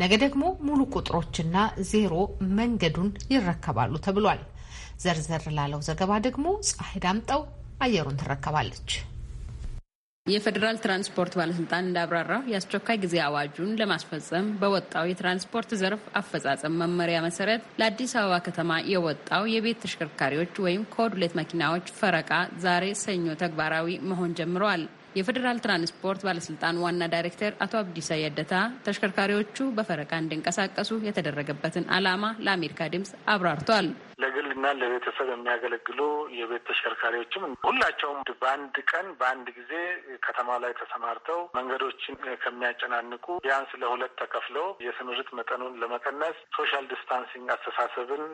A: ነገ ደግሞ ሙሉ ቁጥሮችና ዜሮ መንገዱን ይረከባሉ ተብሏል። ዘርዘር ላለው ዘገባ ደግሞ ፀሐይ ዳምጠው አየሩን ትረከባለች።
M: የፌዴራል ትራንስፖርት ባለስልጣን እንዳብራራው የአስቸኳይ ጊዜ አዋጁን ለማስፈጸም በወጣው የትራንስፖርት ዘርፍ አፈጻጸም መመሪያ መሰረት ለአዲስ አበባ ከተማ የወጣው የቤት ተሽከርካሪዎች ወይም ኮድሌት መኪናዎች ፈረቃ ዛሬ ሰኞ ተግባራዊ መሆን ጀምረዋል። የፌዴራል ትራንስፖርት ባለስልጣን ዋና ዳይሬክተር አቶ አብዲሳ የደታ ተሽከርካሪዎቹ በፈረቃ እንዲንቀሳቀሱ የተደረገበትን ዓላማ ለአሜሪካ ድምፅ አብራርቷል።
N: ለግልና ለቤተሰብ የሚያገለግሉ የቤት ተሽከርካሪዎችም ሁላቸውም በአንድ ቀን በአንድ ጊዜ ከተማ ላይ ተሰማርተው መንገዶችን ከሚያጨናንቁ ቢያንስ ለሁለት ተከፍለው የስምርት መጠኑን ለመቀነስ ሶሻል ዲስታንሲንግ አስተሳሰብን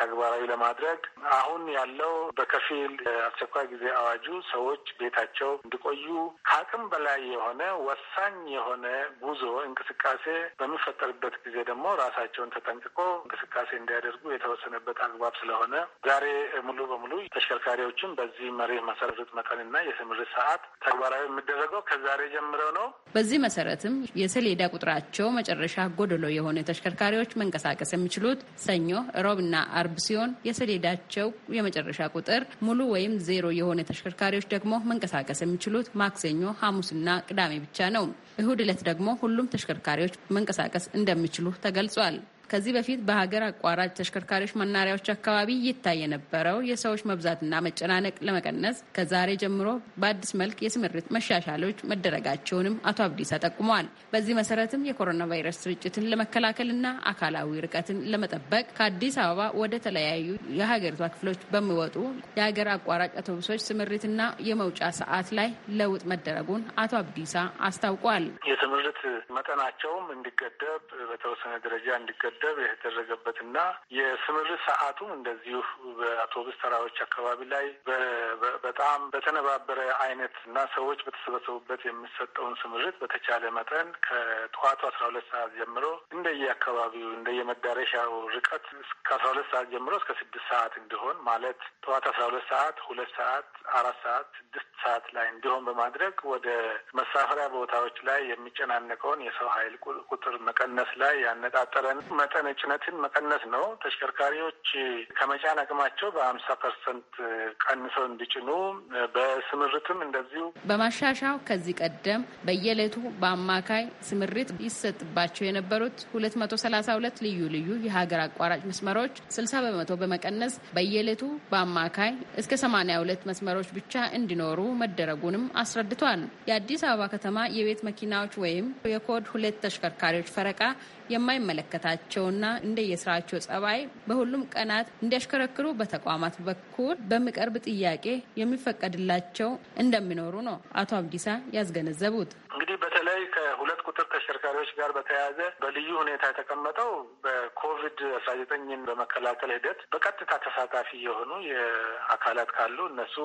N: ተግባራዊ ለማድረግ አሁን ያለው በከፊል አስቸኳይ ጊዜ አዋጁ ሰዎች ቤታቸው እንዲቆዩ ከአቅም በላይ የሆነ ወሳኝ የሆነ ጉዞ እንቅስቃሴ በሚፈጠርበት ጊዜ ደግሞ ራሳቸውን ተጠንቅቆ እንቅስቃሴ እንዲያደርጉ የተወሰነበት አግባ አግባብ ስለሆነ ዛሬ ሙሉ በሙሉ ተሽከርካሪዎችን በዚህ መርህ መሰረት መጠንና የስምሪት ሰዓት ተግባራዊ የሚደረገው ከዛሬ ጀምረው
M: ነው። በዚህ መሰረትም የሰሌዳ ቁጥራቸው መጨረሻ ጎደሎ የሆነ ተሽከርካሪዎች መንቀሳቀስ የሚችሉት ሰኞ፣ ሮብና አርብ ሲሆን የሰሌዳቸው የመጨረሻ ቁጥር ሙሉ ወይም ዜሮ የሆነ ተሽከርካሪዎች ደግሞ መንቀሳቀስ የሚችሉት ማክሰኞ፣ ሐሙስና ቅዳሜ ብቻ ነው። እሁድ ዕለት ደግሞ ሁሉም ተሽከርካሪዎች መንቀሳቀስ እንደሚችሉ ተገልጿል። ከዚህ በፊት በሀገር አቋራጭ ተሽከርካሪዎች መናሪያዎች አካባቢ ይታይ የነበረው የሰዎች መብዛትና መጨናነቅ ለመቀነስ ከዛሬ ጀምሮ በአዲስ መልክ የስምሪት መሻሻሎች መደረጋቸውንም አቶ አብዲሳ ጠቁመዋል። በዚህ መሰረትም የኮሮና ቫይረስ ስርጭትን ለመከላከልና አካላዊ ርቀትን ለመጠበቅ ከአዲስ አበባ ወደ ተለያዩ የሀገሪቷ ክፍሎች በሚወጡ የሀገር አቋራጭ አውቶቡሶች ስምሪትና የመውጫ ሰዓት ላይ ለውጥ መደረጉን አቶ አብዲሳ አስታውቋል።
N: የስምሪት መጠናቸውም እንዲገደብ በተወሰነ ደረጃ እንዲገደብ እንዲገደብ የተደረገበትና የስምርት ሰዓቱም እንደዚሁ በአውቶቡስ ተራዎች አካባቢ ላይ በጣም በተነባበረ አይነት እና ሰዎች በተሰበሰቡበት የሚሰጠውን ስምርት በተቻለ መጠን ከጠዋቱ አስራ ሁለት ሰዓት ጀምሮ እንደየአካባቢው እንደየመዳረሻው ርቀት እስከ አስራ ሁለት ሰዓት ጀምሮ እስከ ስድስት ሰዓት እንዲሆን ማለት ጠዋት አስራ ሁለት ሰዓት ሁለት ሰዓት አራት ሰዓት ስድስት ሰዓት ላይ እንዲሆን በማድረግ ወደ መሳፈሪያ ቦታዎች ላይ የሚጨናነቀውን የሰው ኃይል ቁጥር መቀነስ ላይ ያነጣጠረን መጠነ ጭነትን መቀነስ ነው። ተሽከርካሪዎች ከመጫን አቅማቸው በአምሳ ፐርሰንት ቀንሰው እንዲጭኑ፣ በስምርትም እንደዚሁ
M: በማሻሻው ከዚህ ቀደም በየዕለቱ በአማካይ ስምሪት ይሰጥባቸው የነበሩት ሁለት መቶ ሰላሳ ሁለት ልዩ ልዩ የሀገር አቋራጭ መስመሮች ስልሳ በመቶ በመቀነስ በየዕለቱ በአማካይ እስከ ሰማኒያ ሁለት መስመሮች ብቻ እንዲኖሩ መደረጉንም አስረድቷል። የአዲስ አበባ ከተማ የቤት መኪናዎች ወይም የኮድ ሁለት ተሽከርካሪዎች ፈረቃ የማይመለከታቸውና እንደየስራቸው ጸባይ በሁሉም ቀናት እንዲያሽከረክሩ በተቋማት በኩል በሚቀርብ ጥያቄ የሚፈቀድላቸው እንደሚኖሩ ነው አቶ አብዲሳ ያስገነዘቡት። እንግዲህ በተለይ ከሁለት ቁጥር ተሽከርካሪዎች ጋር
N: በተያያዘ በልዩ ሁኔታ የተቀመጠው በኮቪድ አስራ ዘጠኝን በመከላከል ሂደት በቀጥታ ተሳታፊ የሆኑ የአካላት ካሉ እነሱ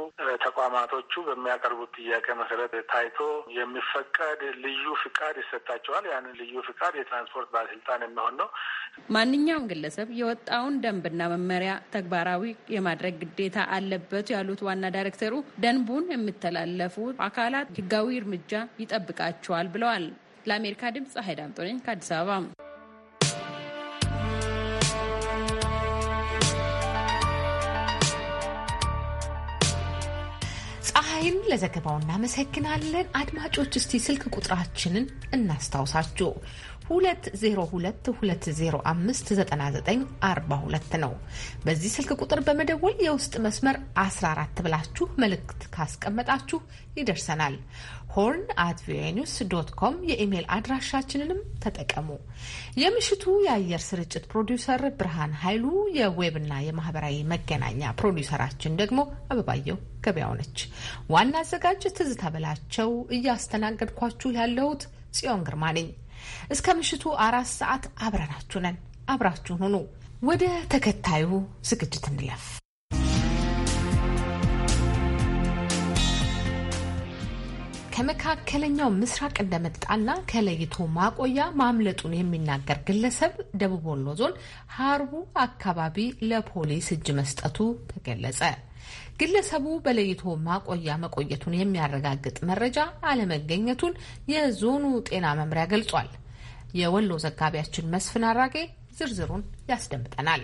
N: ተቋማቶቹ በሚያቀርቡት ጥያቄ መሰረት ታይቶ የሚፈቀድ ልዩ ፍቃድ ይሰጣቸዋል። ያንን ልዩ ፍቃድ የትራንስፖርት ባ ስልጣን የሚሆን ነው።
M: ማንኛውም ግለሰብ የወጣውን ደንብና መመሪያ ተግባራዊ የማድረግ ግዴታ አለበት ያሉት ዋና ዳይሬክተሩ ደንቡን የሚተላለፉ አካላት ህጋዊ እርምጃ ይጠብቃቸዋል ብለዋል። ለአሜሪካ ድምፅ ፀሐይ ዳምጦ ነኝ ከአዲስ አበባ።
A: ፀሐይን ለዘገባው እናመሰግናለን። አድማጮች እስቲ ስልክ ቁጥራችንን እናስታውሳችሁ 2022059942 ነው። በዚህ ስልክ ቁጥር በመደወል የውስጥ መስመር 14 ብላችሁ መልእክት ካስቀመጣችሁ ይደርሰናል። ሆርን አት ቪኦኤ ኒውስ ዶት ኮም የኢሜይል አድራሻችንንም ተጠቀሙ። የምሽቱ የአየር ስርጭት ፕሮዲውሰር ብርሃን ኃይሉ፣ የዌብና የማህበራዊ መገናኛ ፕሮዲውሰራችን ደግሞ አበባየው ገበያው ነች። ዋና አዘጋጅ ትዝታ በላቸው፣ እያስተናገድኳችሁ ያለሁት ጽዮን ግርማ ነኝ። እስከ ምሽቱ አራት ሰዓት አብረናችሁ ነን። አብራችሁን ሁኑ። ወደ ተከታዩ ዝግጅት እንለፍ። ከመካከለኛው ምስራቅ እንደመጣና ከለይቶ ማቆያ ማምለጡን የሚናገር ግለሰብ ደቡብ ወሎ ዞን ሀርቡ አካባቢ ለፖሊስ እጅ መስጠቱ ተገለጸ። ግለሰቡ በለይቶ ማቆያ መቆየቱን የሚያረጋግጥ መረጃ አለመገኘቱን የዞኑ ጤና መምሪያ ገልጿል። የወሎ ዘጋቢያችን መስፍን አራጌ ዝርዝሩን ያስደምጠናል።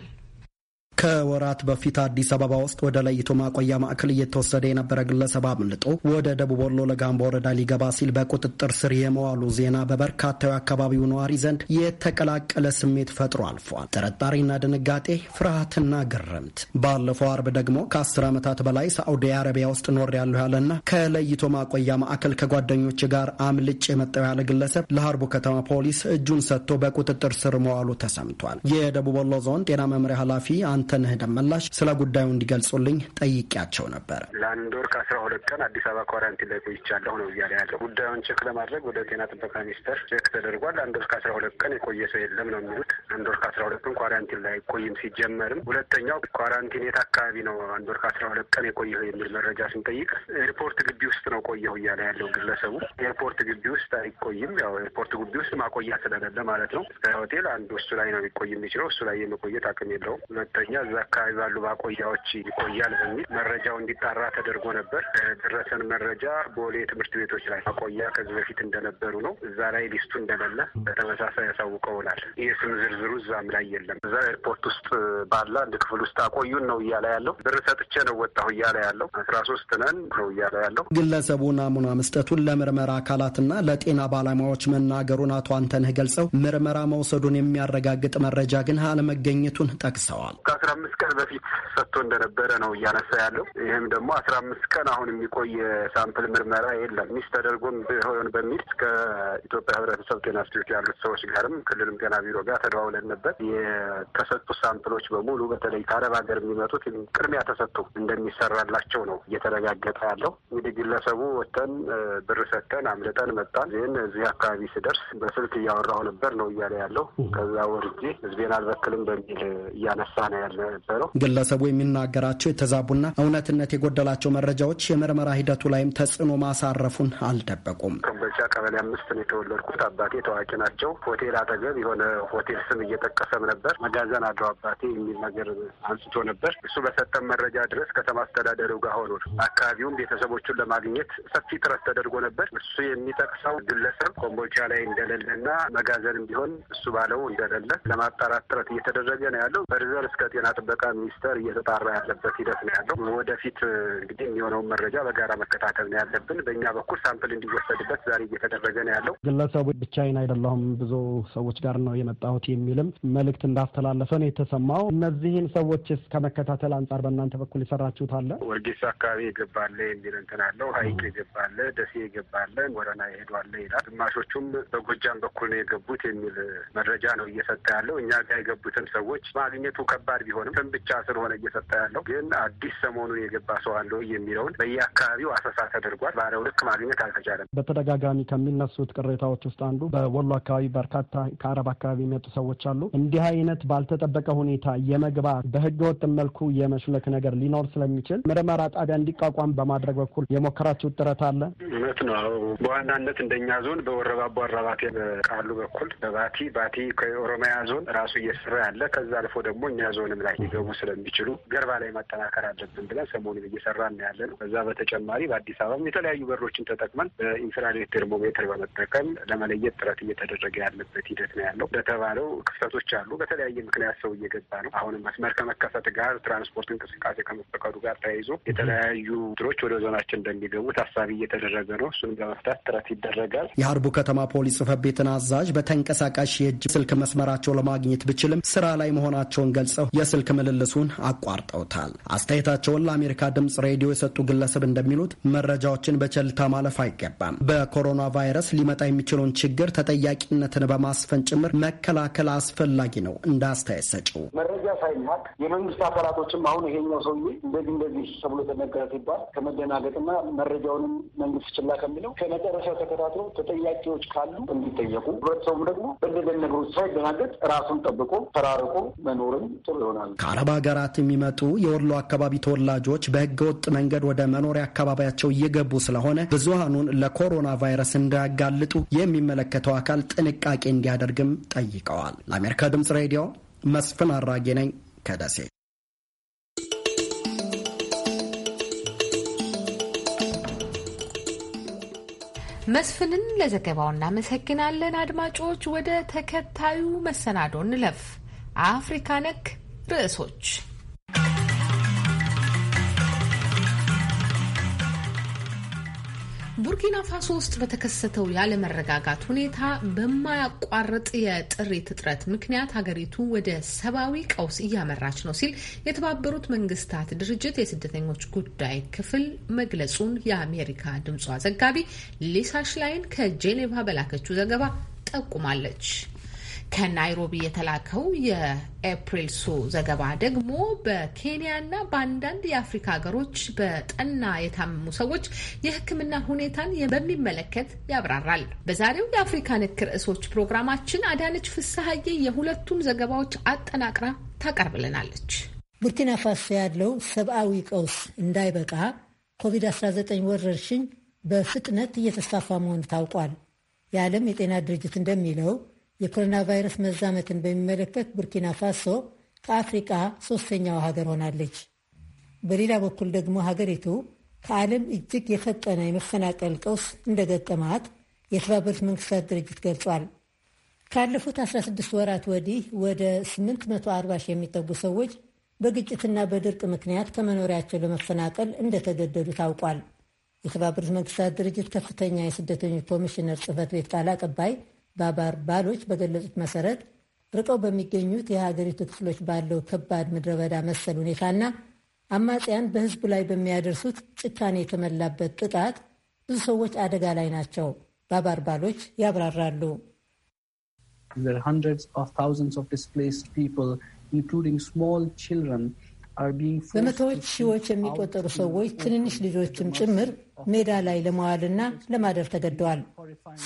O: ከወራት በፊት አዲስ አበባ ውስጥ ወደ ለይቶ ማቆያ ማዕከል እየተወሰደ የነበረ ግለሰብ አምልጦ ወደ ደቡብ ወሎ ለጋምቦ ወረዳ ሊገባ ሲል በቁጥጥር ስር የመዋሉ ዜና በበርካታው አካባቢው ነዋሪ ዘንድ የተቀላቀለ ስሜት ፈጥሮ አልፏል። ጥርጣሬና ድንጋጤ፣ ፍርሃትና ግርምት። ባለፈው አርብ ደግሞ ከአስር ዓመታት በላይ ሳዑዲ አረቢያ ውስጥ ኖር ያለሁ ያለና ከለይቶ ማቆያ ማዕከል ከጓደኞች ጋር አምልጭ የመጣው ያለ ግለሰብ ለሀርቡ ከተማ ፖሊስ እጁን ሰጥቶ በቁጥጥር ስር መዋሉ ተሰምቷል። የደቡብ ወሎ ዞን ጤና መምሪያ ኃላፊ አንተ ተንህ ደመላሽ ስለ ጉዳዩ እንዲገልጹልኝ ጠይቄያቸው
C: ነበር።
P: ለአንድ ወር ከአስራ ሁለት ቀን አዲስ አበባ ኳራንቲን ላይ ቆይቻለሁ ነው እያለ ያለው። ጉዳዩን ቼክ ለማድረግ ወደ ጤና ጥበቃ ሚኒስቴር ቼክ ተደርጓል። አንድ ወር ከአስራ ሁለት ቀን የቆየ ሰው የለም ነው የሚሉት። አንድ ወር ከአስራ ሁለት ቀን ኳራንቲን ላይ ቆይም ሲጀመርም፣ ሁለተኛው ኳራንቲን የት አካባቢ ነው አንድ ወር ከአስራ ሁለት ቀን የቆየው የሚል መረጃ ስንጠይቅ ኤርፖርት ግቢ ውስጥ ነው ቆየሁ እያለ ያለው ግለሰቡ። ኤርፖርት ግቢ ውስጥ አይቆይም። ያው ኤርፖርት ግቢ ውስጥ ማቆያ ስለሌለ ማለት ነው። ከሆቴል አንዱ እሱ ላይ ነው ሊቆይ የሚችለው። እሱ ላይ የመቆየት አቅም የለውም። ሁለተኛ ስደተኛ እዛ አካባቢ ባሉ ማቆያዎች ይቆያል በሚል መረጃው እንዲጣራ ተደርጎ ነበር። ደረሰን መረጃ ቦሌ ትምህርት ቤቶች ላይ ማቆያ ከዚህ በፊት እንደነበሩ ነው። እዛ ላይ ሊስቱ እንደሌለ በተመሳሳይ ያሳውቀውናል። ስም ዝርዝሩ እዛም ላይ የለም። እዛ ኤርፖርት ውስጥ ባለ አንድ ክፍል ውስጥ አቆዩን ነው እያለ ያለው። ብር ሰጥቼ ነው ወጣሁ እያለ ያለው። አስራ ሶስት ነን
O: ነው እያለ ያለው። ግለሰቡ ናሙና መስጠቱን ለምርመራ አካላትና ለጤና ባለሙያዎች መናገሩን አቶ አንተነህ ገልጸው ምርመራ መውሰዱን የሚያረጋግጥ መረጃ ግን አለመገኘቱን ጠቅሰዋል። ከአስራ አምስት ቀን በፊት ሰጥቶ
Q: እንደነበረ ነው እያነሳ ያለው።
P: ይህም ደግሞ አስራ አምስት ቀን አሁን የሚቆይ የሳምፕል ምርመራ የለም ሚስ ተደርጎም ሆን በሚል ከኢትዮጵያ ሕብረተሰብ ጤና ኢንስቲትዩት ያሉት ሰዎች ጋርም ክልልም ጤና ቢሮ ጋር ተደዋውለን ነበር። የተሰጡ ሳምፕሎች በሙሉ በተለይ ከአረብ ሀገር የሚመጡት ቅድሚያ ተሰጥቶ እንደሚሰራላቸው ነው እየተረጋገጠ ያለው። እንግዲህ ግለሰቡ ወተን ብር ሰተን አምልጠን መጣን። ይህን እዚህ አካባቢ ስደርስ በስልክ እያወራሁ ነበር ነው እያለ ያለው። ከዛ ወርጄ ህዝቤን አልበክልም በሚል እያነሳ ነው ያለ ያለ ነበረው።
O: ግለሰቡ የሚናገራቸው የተዛቡና እውነትነት የጎደላቸው መረጃዎች የምርመራ ሂደቱ ላይም ተጽዕኖ ማሳረፉን አልደበቁም።
P: ከምበሻ ቀበሌ አምስት ነው የተወለድኩት። አባቴ ታዋቂ ናቸው። ሆቴል አጠገብ የሆነ ሆቴል ስም እየጠቀሰም ነበር። መጋዘን አለው አባቴ የሚል ነገር አንስቶ ነበር። እሱ በሰጠም መረጃ ድረስ ከተማ አስተዳደሩ ጋር ሆኖ አካባቢውም ቤተሰቦቹን ለማግኘት ሰፊ ጥረት ተደርጎ ነበር። እሱ የሚጠቅሰው ግለሰብ ኮምቦልቻ ላይ እንደሌለና መጋዘንም ቢሆን እሱ ባለው እንደሌለ ለማጣራት ጥረት እየተደረገ ነው ያለው በርዘር እስከ ጤና ጥበቃ ሚኒስቴር እየተጣራ ያለበት ሂደት ነው ያለው። ወደፊት እንግዲህ የሚሆነውን መረጃ በጋራ መከታተል ነው ያለብን። በእኛ በኩል ሳምፕል እንዲወሰድበት ዛሬ እየተደረገ ነው ያለው።
O: ግለሰቡ ብቻዬን አይደለሁም ብዙ ሰዎች ጋር ነው የመጣሁት የሚልም መልእክት እንዳስተላለፈ ነው የተሰማው። እነዚህን ሰዎችስ ከመከታተል አንጻር በእናንተ በኩል የሰራችሁት አለ?
P: ወርጌሳ አካባቢ የገባለ የሚል እንትን አለው። ሀይቅ የገባለ፣ ደሴ የገባለ፣ ወረና ይሄዷለ ይላል። ግማሾቹም በጎጃም በኩል ነው የገቡት የሚል መረጃ ነው እየሰጠ ያለው። እኛ ጋር የገቡትን ሰዎች ማግኘቱ ከባድ ቢሆንም ስም ብቻ ስለሆነ እየሰጠ ያለው ግን አዲስ ሰሞኑን
O: የገባ ሰው አለው የሚለውን በየአካባቢው አሰሳ ተደርጓል። ባለው ልክ ማግኘት አልተቻለም። በተደጋጋሚ ከሚነሱት ቅሬታዎች ውስጥ አንዱ በወሎ አካባቢ በርካታ ከአረብ አካባቢ የመጡ ሰዎች አሉ። እንዲህ አይነት ባልተጠበቀ ሁኔታ የመግባት በህገወጥ መልኩ የመሽለክ ነገር ሊኖር ስለሚችል ምርመራ ጣቢያ እንዲቋቋም በማድረግ በኩል የሞከራችሁት ጥረት አለ?
P: እውነት ነው። በዋናነት እንደኛ ዞን በወረባቦ አራባቴ በቃሉ በኩል በባቲ ባቲ ከኦሮሚያ ዞን ራሱ እየሰራ ያለ ከዛ አልፎ ደግሞ እኛ ዞንም ላይ ሊገቡ ስለሚችሉ ገርባ ላይ ማጠናከር አለብን ብለን ሰሞኑን እየሰራን ያለ ነው። ከዛ በተጨማሪ በአዲስ አበባም የተለያዩ በሮችን ተጠቅመን በኢንፍራሬድ ቴርሞሜትር በመጠቀም ለመለየት ጥረት እየተደረገ ያለበት ሂደት ነው ያለው። እንደተባለው ክፍተቶች አሉ። በተለያየ ምክንያት ሰው እየገባ ነው። አሁንም መስመር ከመከፈት ጋር ትራንስፖርት እንቅስቃሴ ከመፈቀዱ ጋር ተያይዞ የተለያዩ ትሮች ወደ ዞናችን እንደሚገቡ ታሳቢ እየተደረገ ነው። እሱንም ለመፍታት ጥረት ይደረጋል።
O: የሀርቡ ከተማ ፖሊስ ጽህፈት ቤትን አዛዥ በተንቀሳቃሽ የእጅ ስልክ መስመራቸው ለማግኘት ብችልም ስራ ላይ መሆናቸውን ገልጸው የስልክ ምልልሱን አቋርጠውታል። አስተያየታቸውን ለአሜሪካ ድምፅ ሬዲዮ የሰጡ ግለሰብ እንደሚሉት መረጃዎችን በቸልታ ማለፍ አይገባም። በኮሮና ቫይረስ ሊመጣ የሚችለውን ችግር ተጠያቂነትን በማስፈን ጭምር መከላከል አስፈላጊ ነው። እንደ አስተያየት ሰጪው
P: መረጃ ሳይናቅ የመንግስት አካላቶችም አሁን ይሄኛው ሰውዬ እንደዚህ እንደዚህ ተብሎ ተነገረ ሲባል ከመደናገጥና መረጃውንም መንግስት ችላ ከሚለው ከመጨረሻው ተከታትሎ ተጠያቂዎች ካሉ እንዲጠየቁ፣ ህብረተሰቡም ደግሞ በእንደዚህ ነገሮች ሳይደናገጥ ራሱን ጠብቆ ተራርቆ
O: መኖርን ጥሩ ይሆናል። ተናግረዋል። ከአረብ ሀገራት የሚመጡ የወሎ አካባቢ ተወላጆች በህገወጥ መንገድ ወደ መኖሪያ አካባቢያቸው እየገቡ ስለሆነ ብዙሀኑን ለኮሮና ቫይረስ እንዳያጋልጡ የሚመለከተው አካል ጥንቃቄ እንዲያደርግም ጠይቀዋል። ለአሜሪካ ድምጽ ሬዲዮ መስፍን አራጌ ነኝ ከደሴ።
A: መስፍንን ለዘገባው እናመሰግናለን። አድማጮች፣ ወደ ተከታዩ መሰናዶ እንለፍ። አፍሪካ ነክ ርዕሶች ቡርኪና ፋሶ ውስጥ በተከሰተው ያለመረጋጋት ሁኔታ በማያቋርጥ የጥሪት እጥረት ምክንያት ሀገሪቱ ወደ ሰብአዊ ቀውስ እያመራች ነው ሲል የተባበሩት መንግስታት ድርጅት የስደተኞች ጉዳይ ክፍል መግለጹን የአሜሪካ ድምጿ ዘጋቢ ሊሳ ሽላይን ከጄኔቫ በላከችው ዘገባ ጠቁማለች። ከናይሮቢ የተላከው የኤፕሪል ሱ ዘገባ ደግሞ በኬንያና በአንዳንድ የአፍሪካ ሀገሮች በጠና የታመሙ ሰዎች የሕክምና ሁኔታን በሚመለከት ያብራራል። በዛሬው የአፍሪካ ንክ ርዕሶች ፕሮግራማችን አዳነች ፍስሀዬ የሁለቱን ዘገባዎች አጠናቅራ ታቀርብልናለች።
Q: ቡርኪና ፋሶ ያለው ሰብአዊ ቀውስ እንዳይበቃ ኮቪድ-19 ወረርሽኝ በፍጥነት እየተስፋፋ መሆኑ ታውቋል። የዓለም የጤና ድርጅት እንደሚለው የኮሮና ቫይረስ መዛመትን በሚመለከት ቡርኪና ፋሶ ከአፍሪቃ ሶስተኛዋ ሀገር ሆናለች። በሌላ በኩል ደግሞ ሀገሪቱ ከዓለም እጅግ የፈጠነ የመፈናቀል ቀውስ እንደገጠማት የተባበሩት መንግስታት ድርጅት ገልጿል። ካለፉት 16 ወራት ወዲህ ወደ 840 ሺህ የሚጠጉ ሰዎች በግጭትና በድርቅ ምክንያት ከመኖሪያቸው ለመፈናቀል እንደተገደዱ ታውቋል። የተባበሩት መንግስታት ድርጅት ከፍተኛ የስደተኞች ኮሚሽነር ጽህፈት ቤት ቃል አቀባይ ባባር ባሎች በገለጹት መሰረት ርቀው በሚገኙት የሀገሪቱ ክፍሎች ባለው ከባድ ምድረበዳ መሰል ሁኔታና አማጽያን በህዝቡ ላይ በሚያደርሱት ጭካኔ የተሞላበት ጥቃት ብዙ ሰዎች አደጋ ላይ ናቸው። ባባር ባሎች ያብራራሉ። በመቶዎች ሺዎች የሚቆጠሩ ሰዎች ትንንሽ ልጆችም ጭምር ሜዳ ላይ ለመዋልና ለማደር ተገደዋል።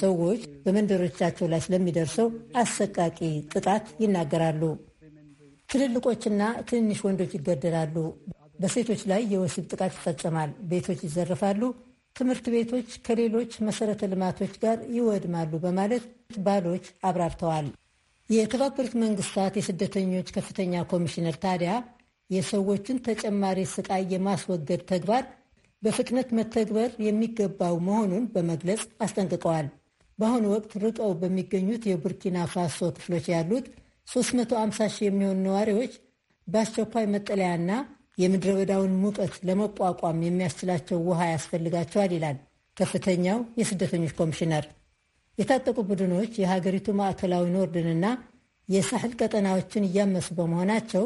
Q: ሰዎች በመንደሮቻቸው ላይ ስለሚደርሰው አሰቃቂ ጥቃት ይናገራሉ። ትልልቆችና ትንሽ ወንዶች ይገደላሉ። በሴቶች ላይ የወሲብ ጥቃት ይፈጸማል። ቤቶች ይዘርፋሉ። ትምህርት ቤቶች ከሌሎች መሰረተ ልማቶች ጋር ይወድማሉ በማለት ባሎች አብራርተዋል። የተባበሩት መንግስታት የስደተኞች ከፍተኛ ኮሚሽነር ታዲያ የሰዎችን ተጨማሪ ስቃይ የማስወገድ ተግባር በፍጥነት መተግበር የሚገባው መሆኑን በመግለጽ አስጠንቅቀዋል። በአሁኑ ወቅት ርቀው በሚገኙት የቡርኪና ፋሶ ክፍሎች ያሉት 350 ሺህ የሚሆኑ ነዋሪዎች በአስቸኳይ መጠለያና የምድረ በዳውን ሙቀት ለመቋቋም የሚያስችላቸው ውሃ ያስፈልጋቸዋል ይላል ከፍተኛው የስደተኞች ኮሚሽነር። የታጠቁ ቡድኖች የሀገሪቱ ማዕከላዊ ኖርድንና የሳህል ቀጠናዎችን እያመሱ በመሆናቸው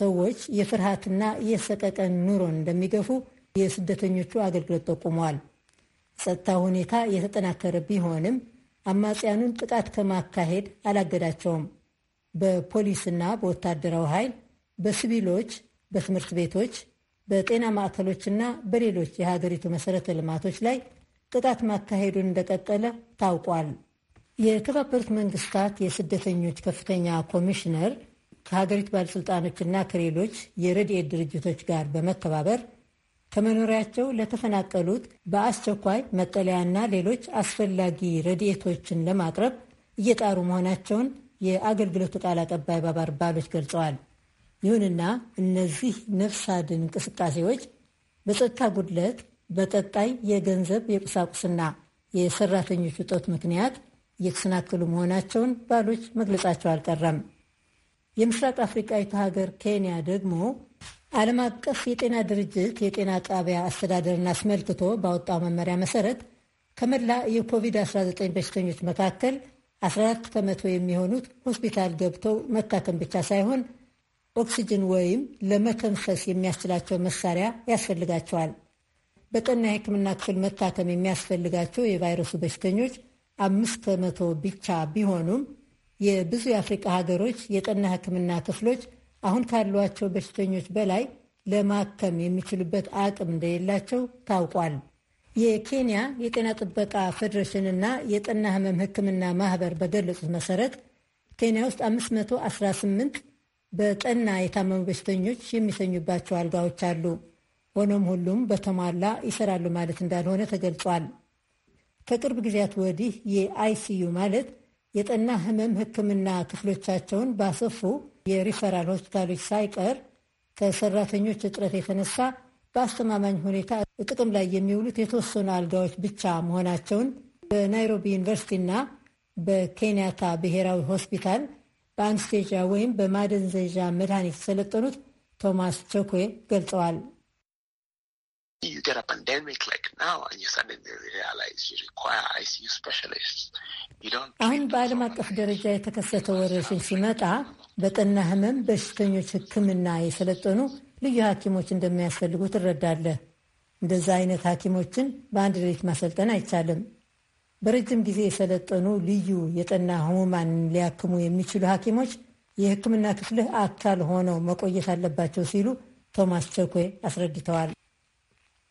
Q: ሰዎች የፍርሃትና የሰቀቀን ኑሮን እንደሚገፉ የስደተኞቹ አገልግሎት ጠቁመዋል። ጸጥታ ሁኔታ የተጠናከረ ቢሆንም አማጽያኑን ጥቃት ከማካሄድ አላገዳቸውም። በፖሊስና በወታደራዊ ኃይል፣ በሲቪሎች፣ በትምህርት ቤቶች፣ በጤና ማዕከሎችና በሌሎች የሀገሪቱ መሠረተ ልማቶች ላይ ጥቃት ማካሄዱን እንደቀጠለ ታውቋል። የተባበሩት መንግስታት የስደተኞች ከፍተኛ ኮሚሽነር ከሀገሪቱ ባለሥልጣኖችና ከሌሎች የረድኤት ድርጅቶች ጋር በመተባበር ከመኖሪያቸው ለተፈናቀሉት በአስቸኳይ መጠለያና ሌሎች አስፈላጊ ረድኤቶችን ለማቅረብ እየጣሩ መሆናቸውን የአገልግሎቱ ቃል አቀባይ ባባር ባሎች ገልጸዋል። ይሁንና እነዚህ ነፍስ አድን እንቅስቃሴዎች በጸጥታ ጉድለት፣ በቀጣይ የገንዘብ የቁሳቁስና የሰራተኞች እጦት ምክንያት እየተሰናከሉ መሆናቸውን ባሎች መግለጻቸው አልቀረም። የምስራቅ አፍሪቃዊቱ ሀገር ኬንያ ደግሞ ዓለም አቀፍ የጤና ድርጅት የጤና ጣቢያ አስተዳደርን አስመልክቶ ባወጣው መመሪያ መሰረት ከመላ የኮቪድ-19 በሽተኞች መካከል 14 ከመቶ የሚሆኑት ሆስፒታል ገብተው መታከም ብቻ ሳይሆን ኦክሲጅን ወይም ለመተንፈስ የሚያስችላቸው መሳሪያ ያስፈልጋቸዋል። በጠና የሕክምና ክፍል መታከም የሚያስፈልጋቸው የቫይረሱ በሽተኞች አምስት ከመቶ ብቻ ቢሆኑም የብዙ የአፍሪቃ ሀገሮች የጠና ሕክምና ክፍሎች አሁን ካሏቸው በሽተኞች በላይ ለማከም የሚችሉበት አቅም እንደሌላቸው ታውቋል። የኬንያ የጤና ጥበቃ ፌዴሬሽንና የጠና ህመም ሕክምና ማህበር በገለጹት መሰረት ኬንያ ውስጥ 518 በጠና የታመሙ በሽተኞች የሚሰኙባቸው አልጋዎች አሉ። ሆኖም ሁሉም በተሟላ ይሰራሉ ማለት እንዳልሆነ ተገልጿል። ከቅርብ ጊዜያት ወዲህ የአይሲዩ ማለት የጠና ህመም ህክምና ክፍሎቻቸውን ባሰፉ የሪፈራል ሆስፒታሎች ሳይቀር ከሰራተኞች እጥረት የተነሳ በአስተማማኝ ሁኔታ ጥቅም ላይ የሚውሉት የተወሰኑ አልጋዎች ብቻ መሆናቸውን በናይሮቢ ዩኒቨርሲቲና በኬንያታ ብሔራዊ ሆስፒታል በአንስቴዣ ወይም በማደንዘዣ መድኃኒት የተሰለጠኑት ቶማስ ቸኮ ገልጸዋል።
J: you get a pandemic like now and you suddenly realize you require ICU specialists.
Q: You don't አሁን በዓለም አቀፍ ደረጃ የተከሰተው ወረርሽኝ ሲመጣ በጠና ህመም በሽተኞች ሕክምና የሰለጠኑ ልዩ ሐኪሞች እንደሚያስፈልጉ ትረዳለህ። እንደዛ አይነት ሐኪሞችን በአንድ ሌሊት ማሰልጠን አይቻልም። በረጅም ጊዜ የሰለጠኑ ልዩ የጠና ህሙማን ሊያክሙ የሚችሉ ሐኪሞች የሕክምና ክፍልህ አካል ሆነው መቆየት አለባቸው ሲሉ ቶማስ ቸኮይ አስረድተዋል።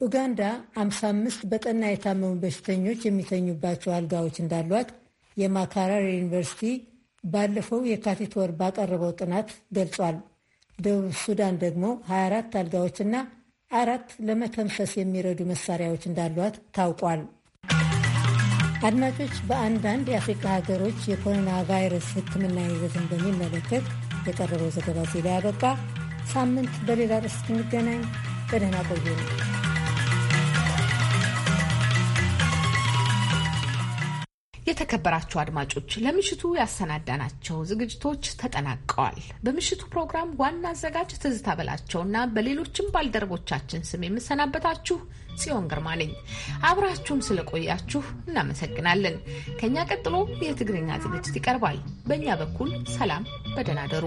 Q: ኡጋንዳ 55 በጠና የታመሙ በሽተኞች የሚተኙባቸው አልጋዎች እንዳሏት የማካራር ዩኒቨርሲቲ ባለፈው የካቲት ወር ባቀረበው ጥናት ገልጿል። ደቡብ ሱዳን ደግሞ 24 አልጋዎችና አራት ለመተንፈስ የሚረዱ መሳሪያዎች እንዳሏት ታውቋል። አድማጮች፣ በአንዳንድ የአፍሪካ ሀገሮች የኮሮና ቫይረስ ሕክምና ይዘትን በሚመለከት የቀረበው ዘገባ ዜላ ያበቃ። ሳምንት በሌላ ርዕስ እንገናኝ። በደህና ቆዩ።
A: የተከበራችሁ አድማጮች ለምሽቱ ያሰናዳናቸው ዝግጅቶች ተጠናቀዋል። በምሽቱ ፕሮግራም ዋና አዘጋጅ ትዝታ በላቸውና በሌሎችም ባልደረቦቻችን ስም የምሰናበታችሁ ጽዮን ግርማ ነኝ። አብራችሁን ስለቆያችሁ እናመሰግናለን። ከእኛ ቀጥሎ የትግርኛ ዝግጅት ይቀርባል። በእኛ በኩል ሰላም፣ በደህና ደሩ።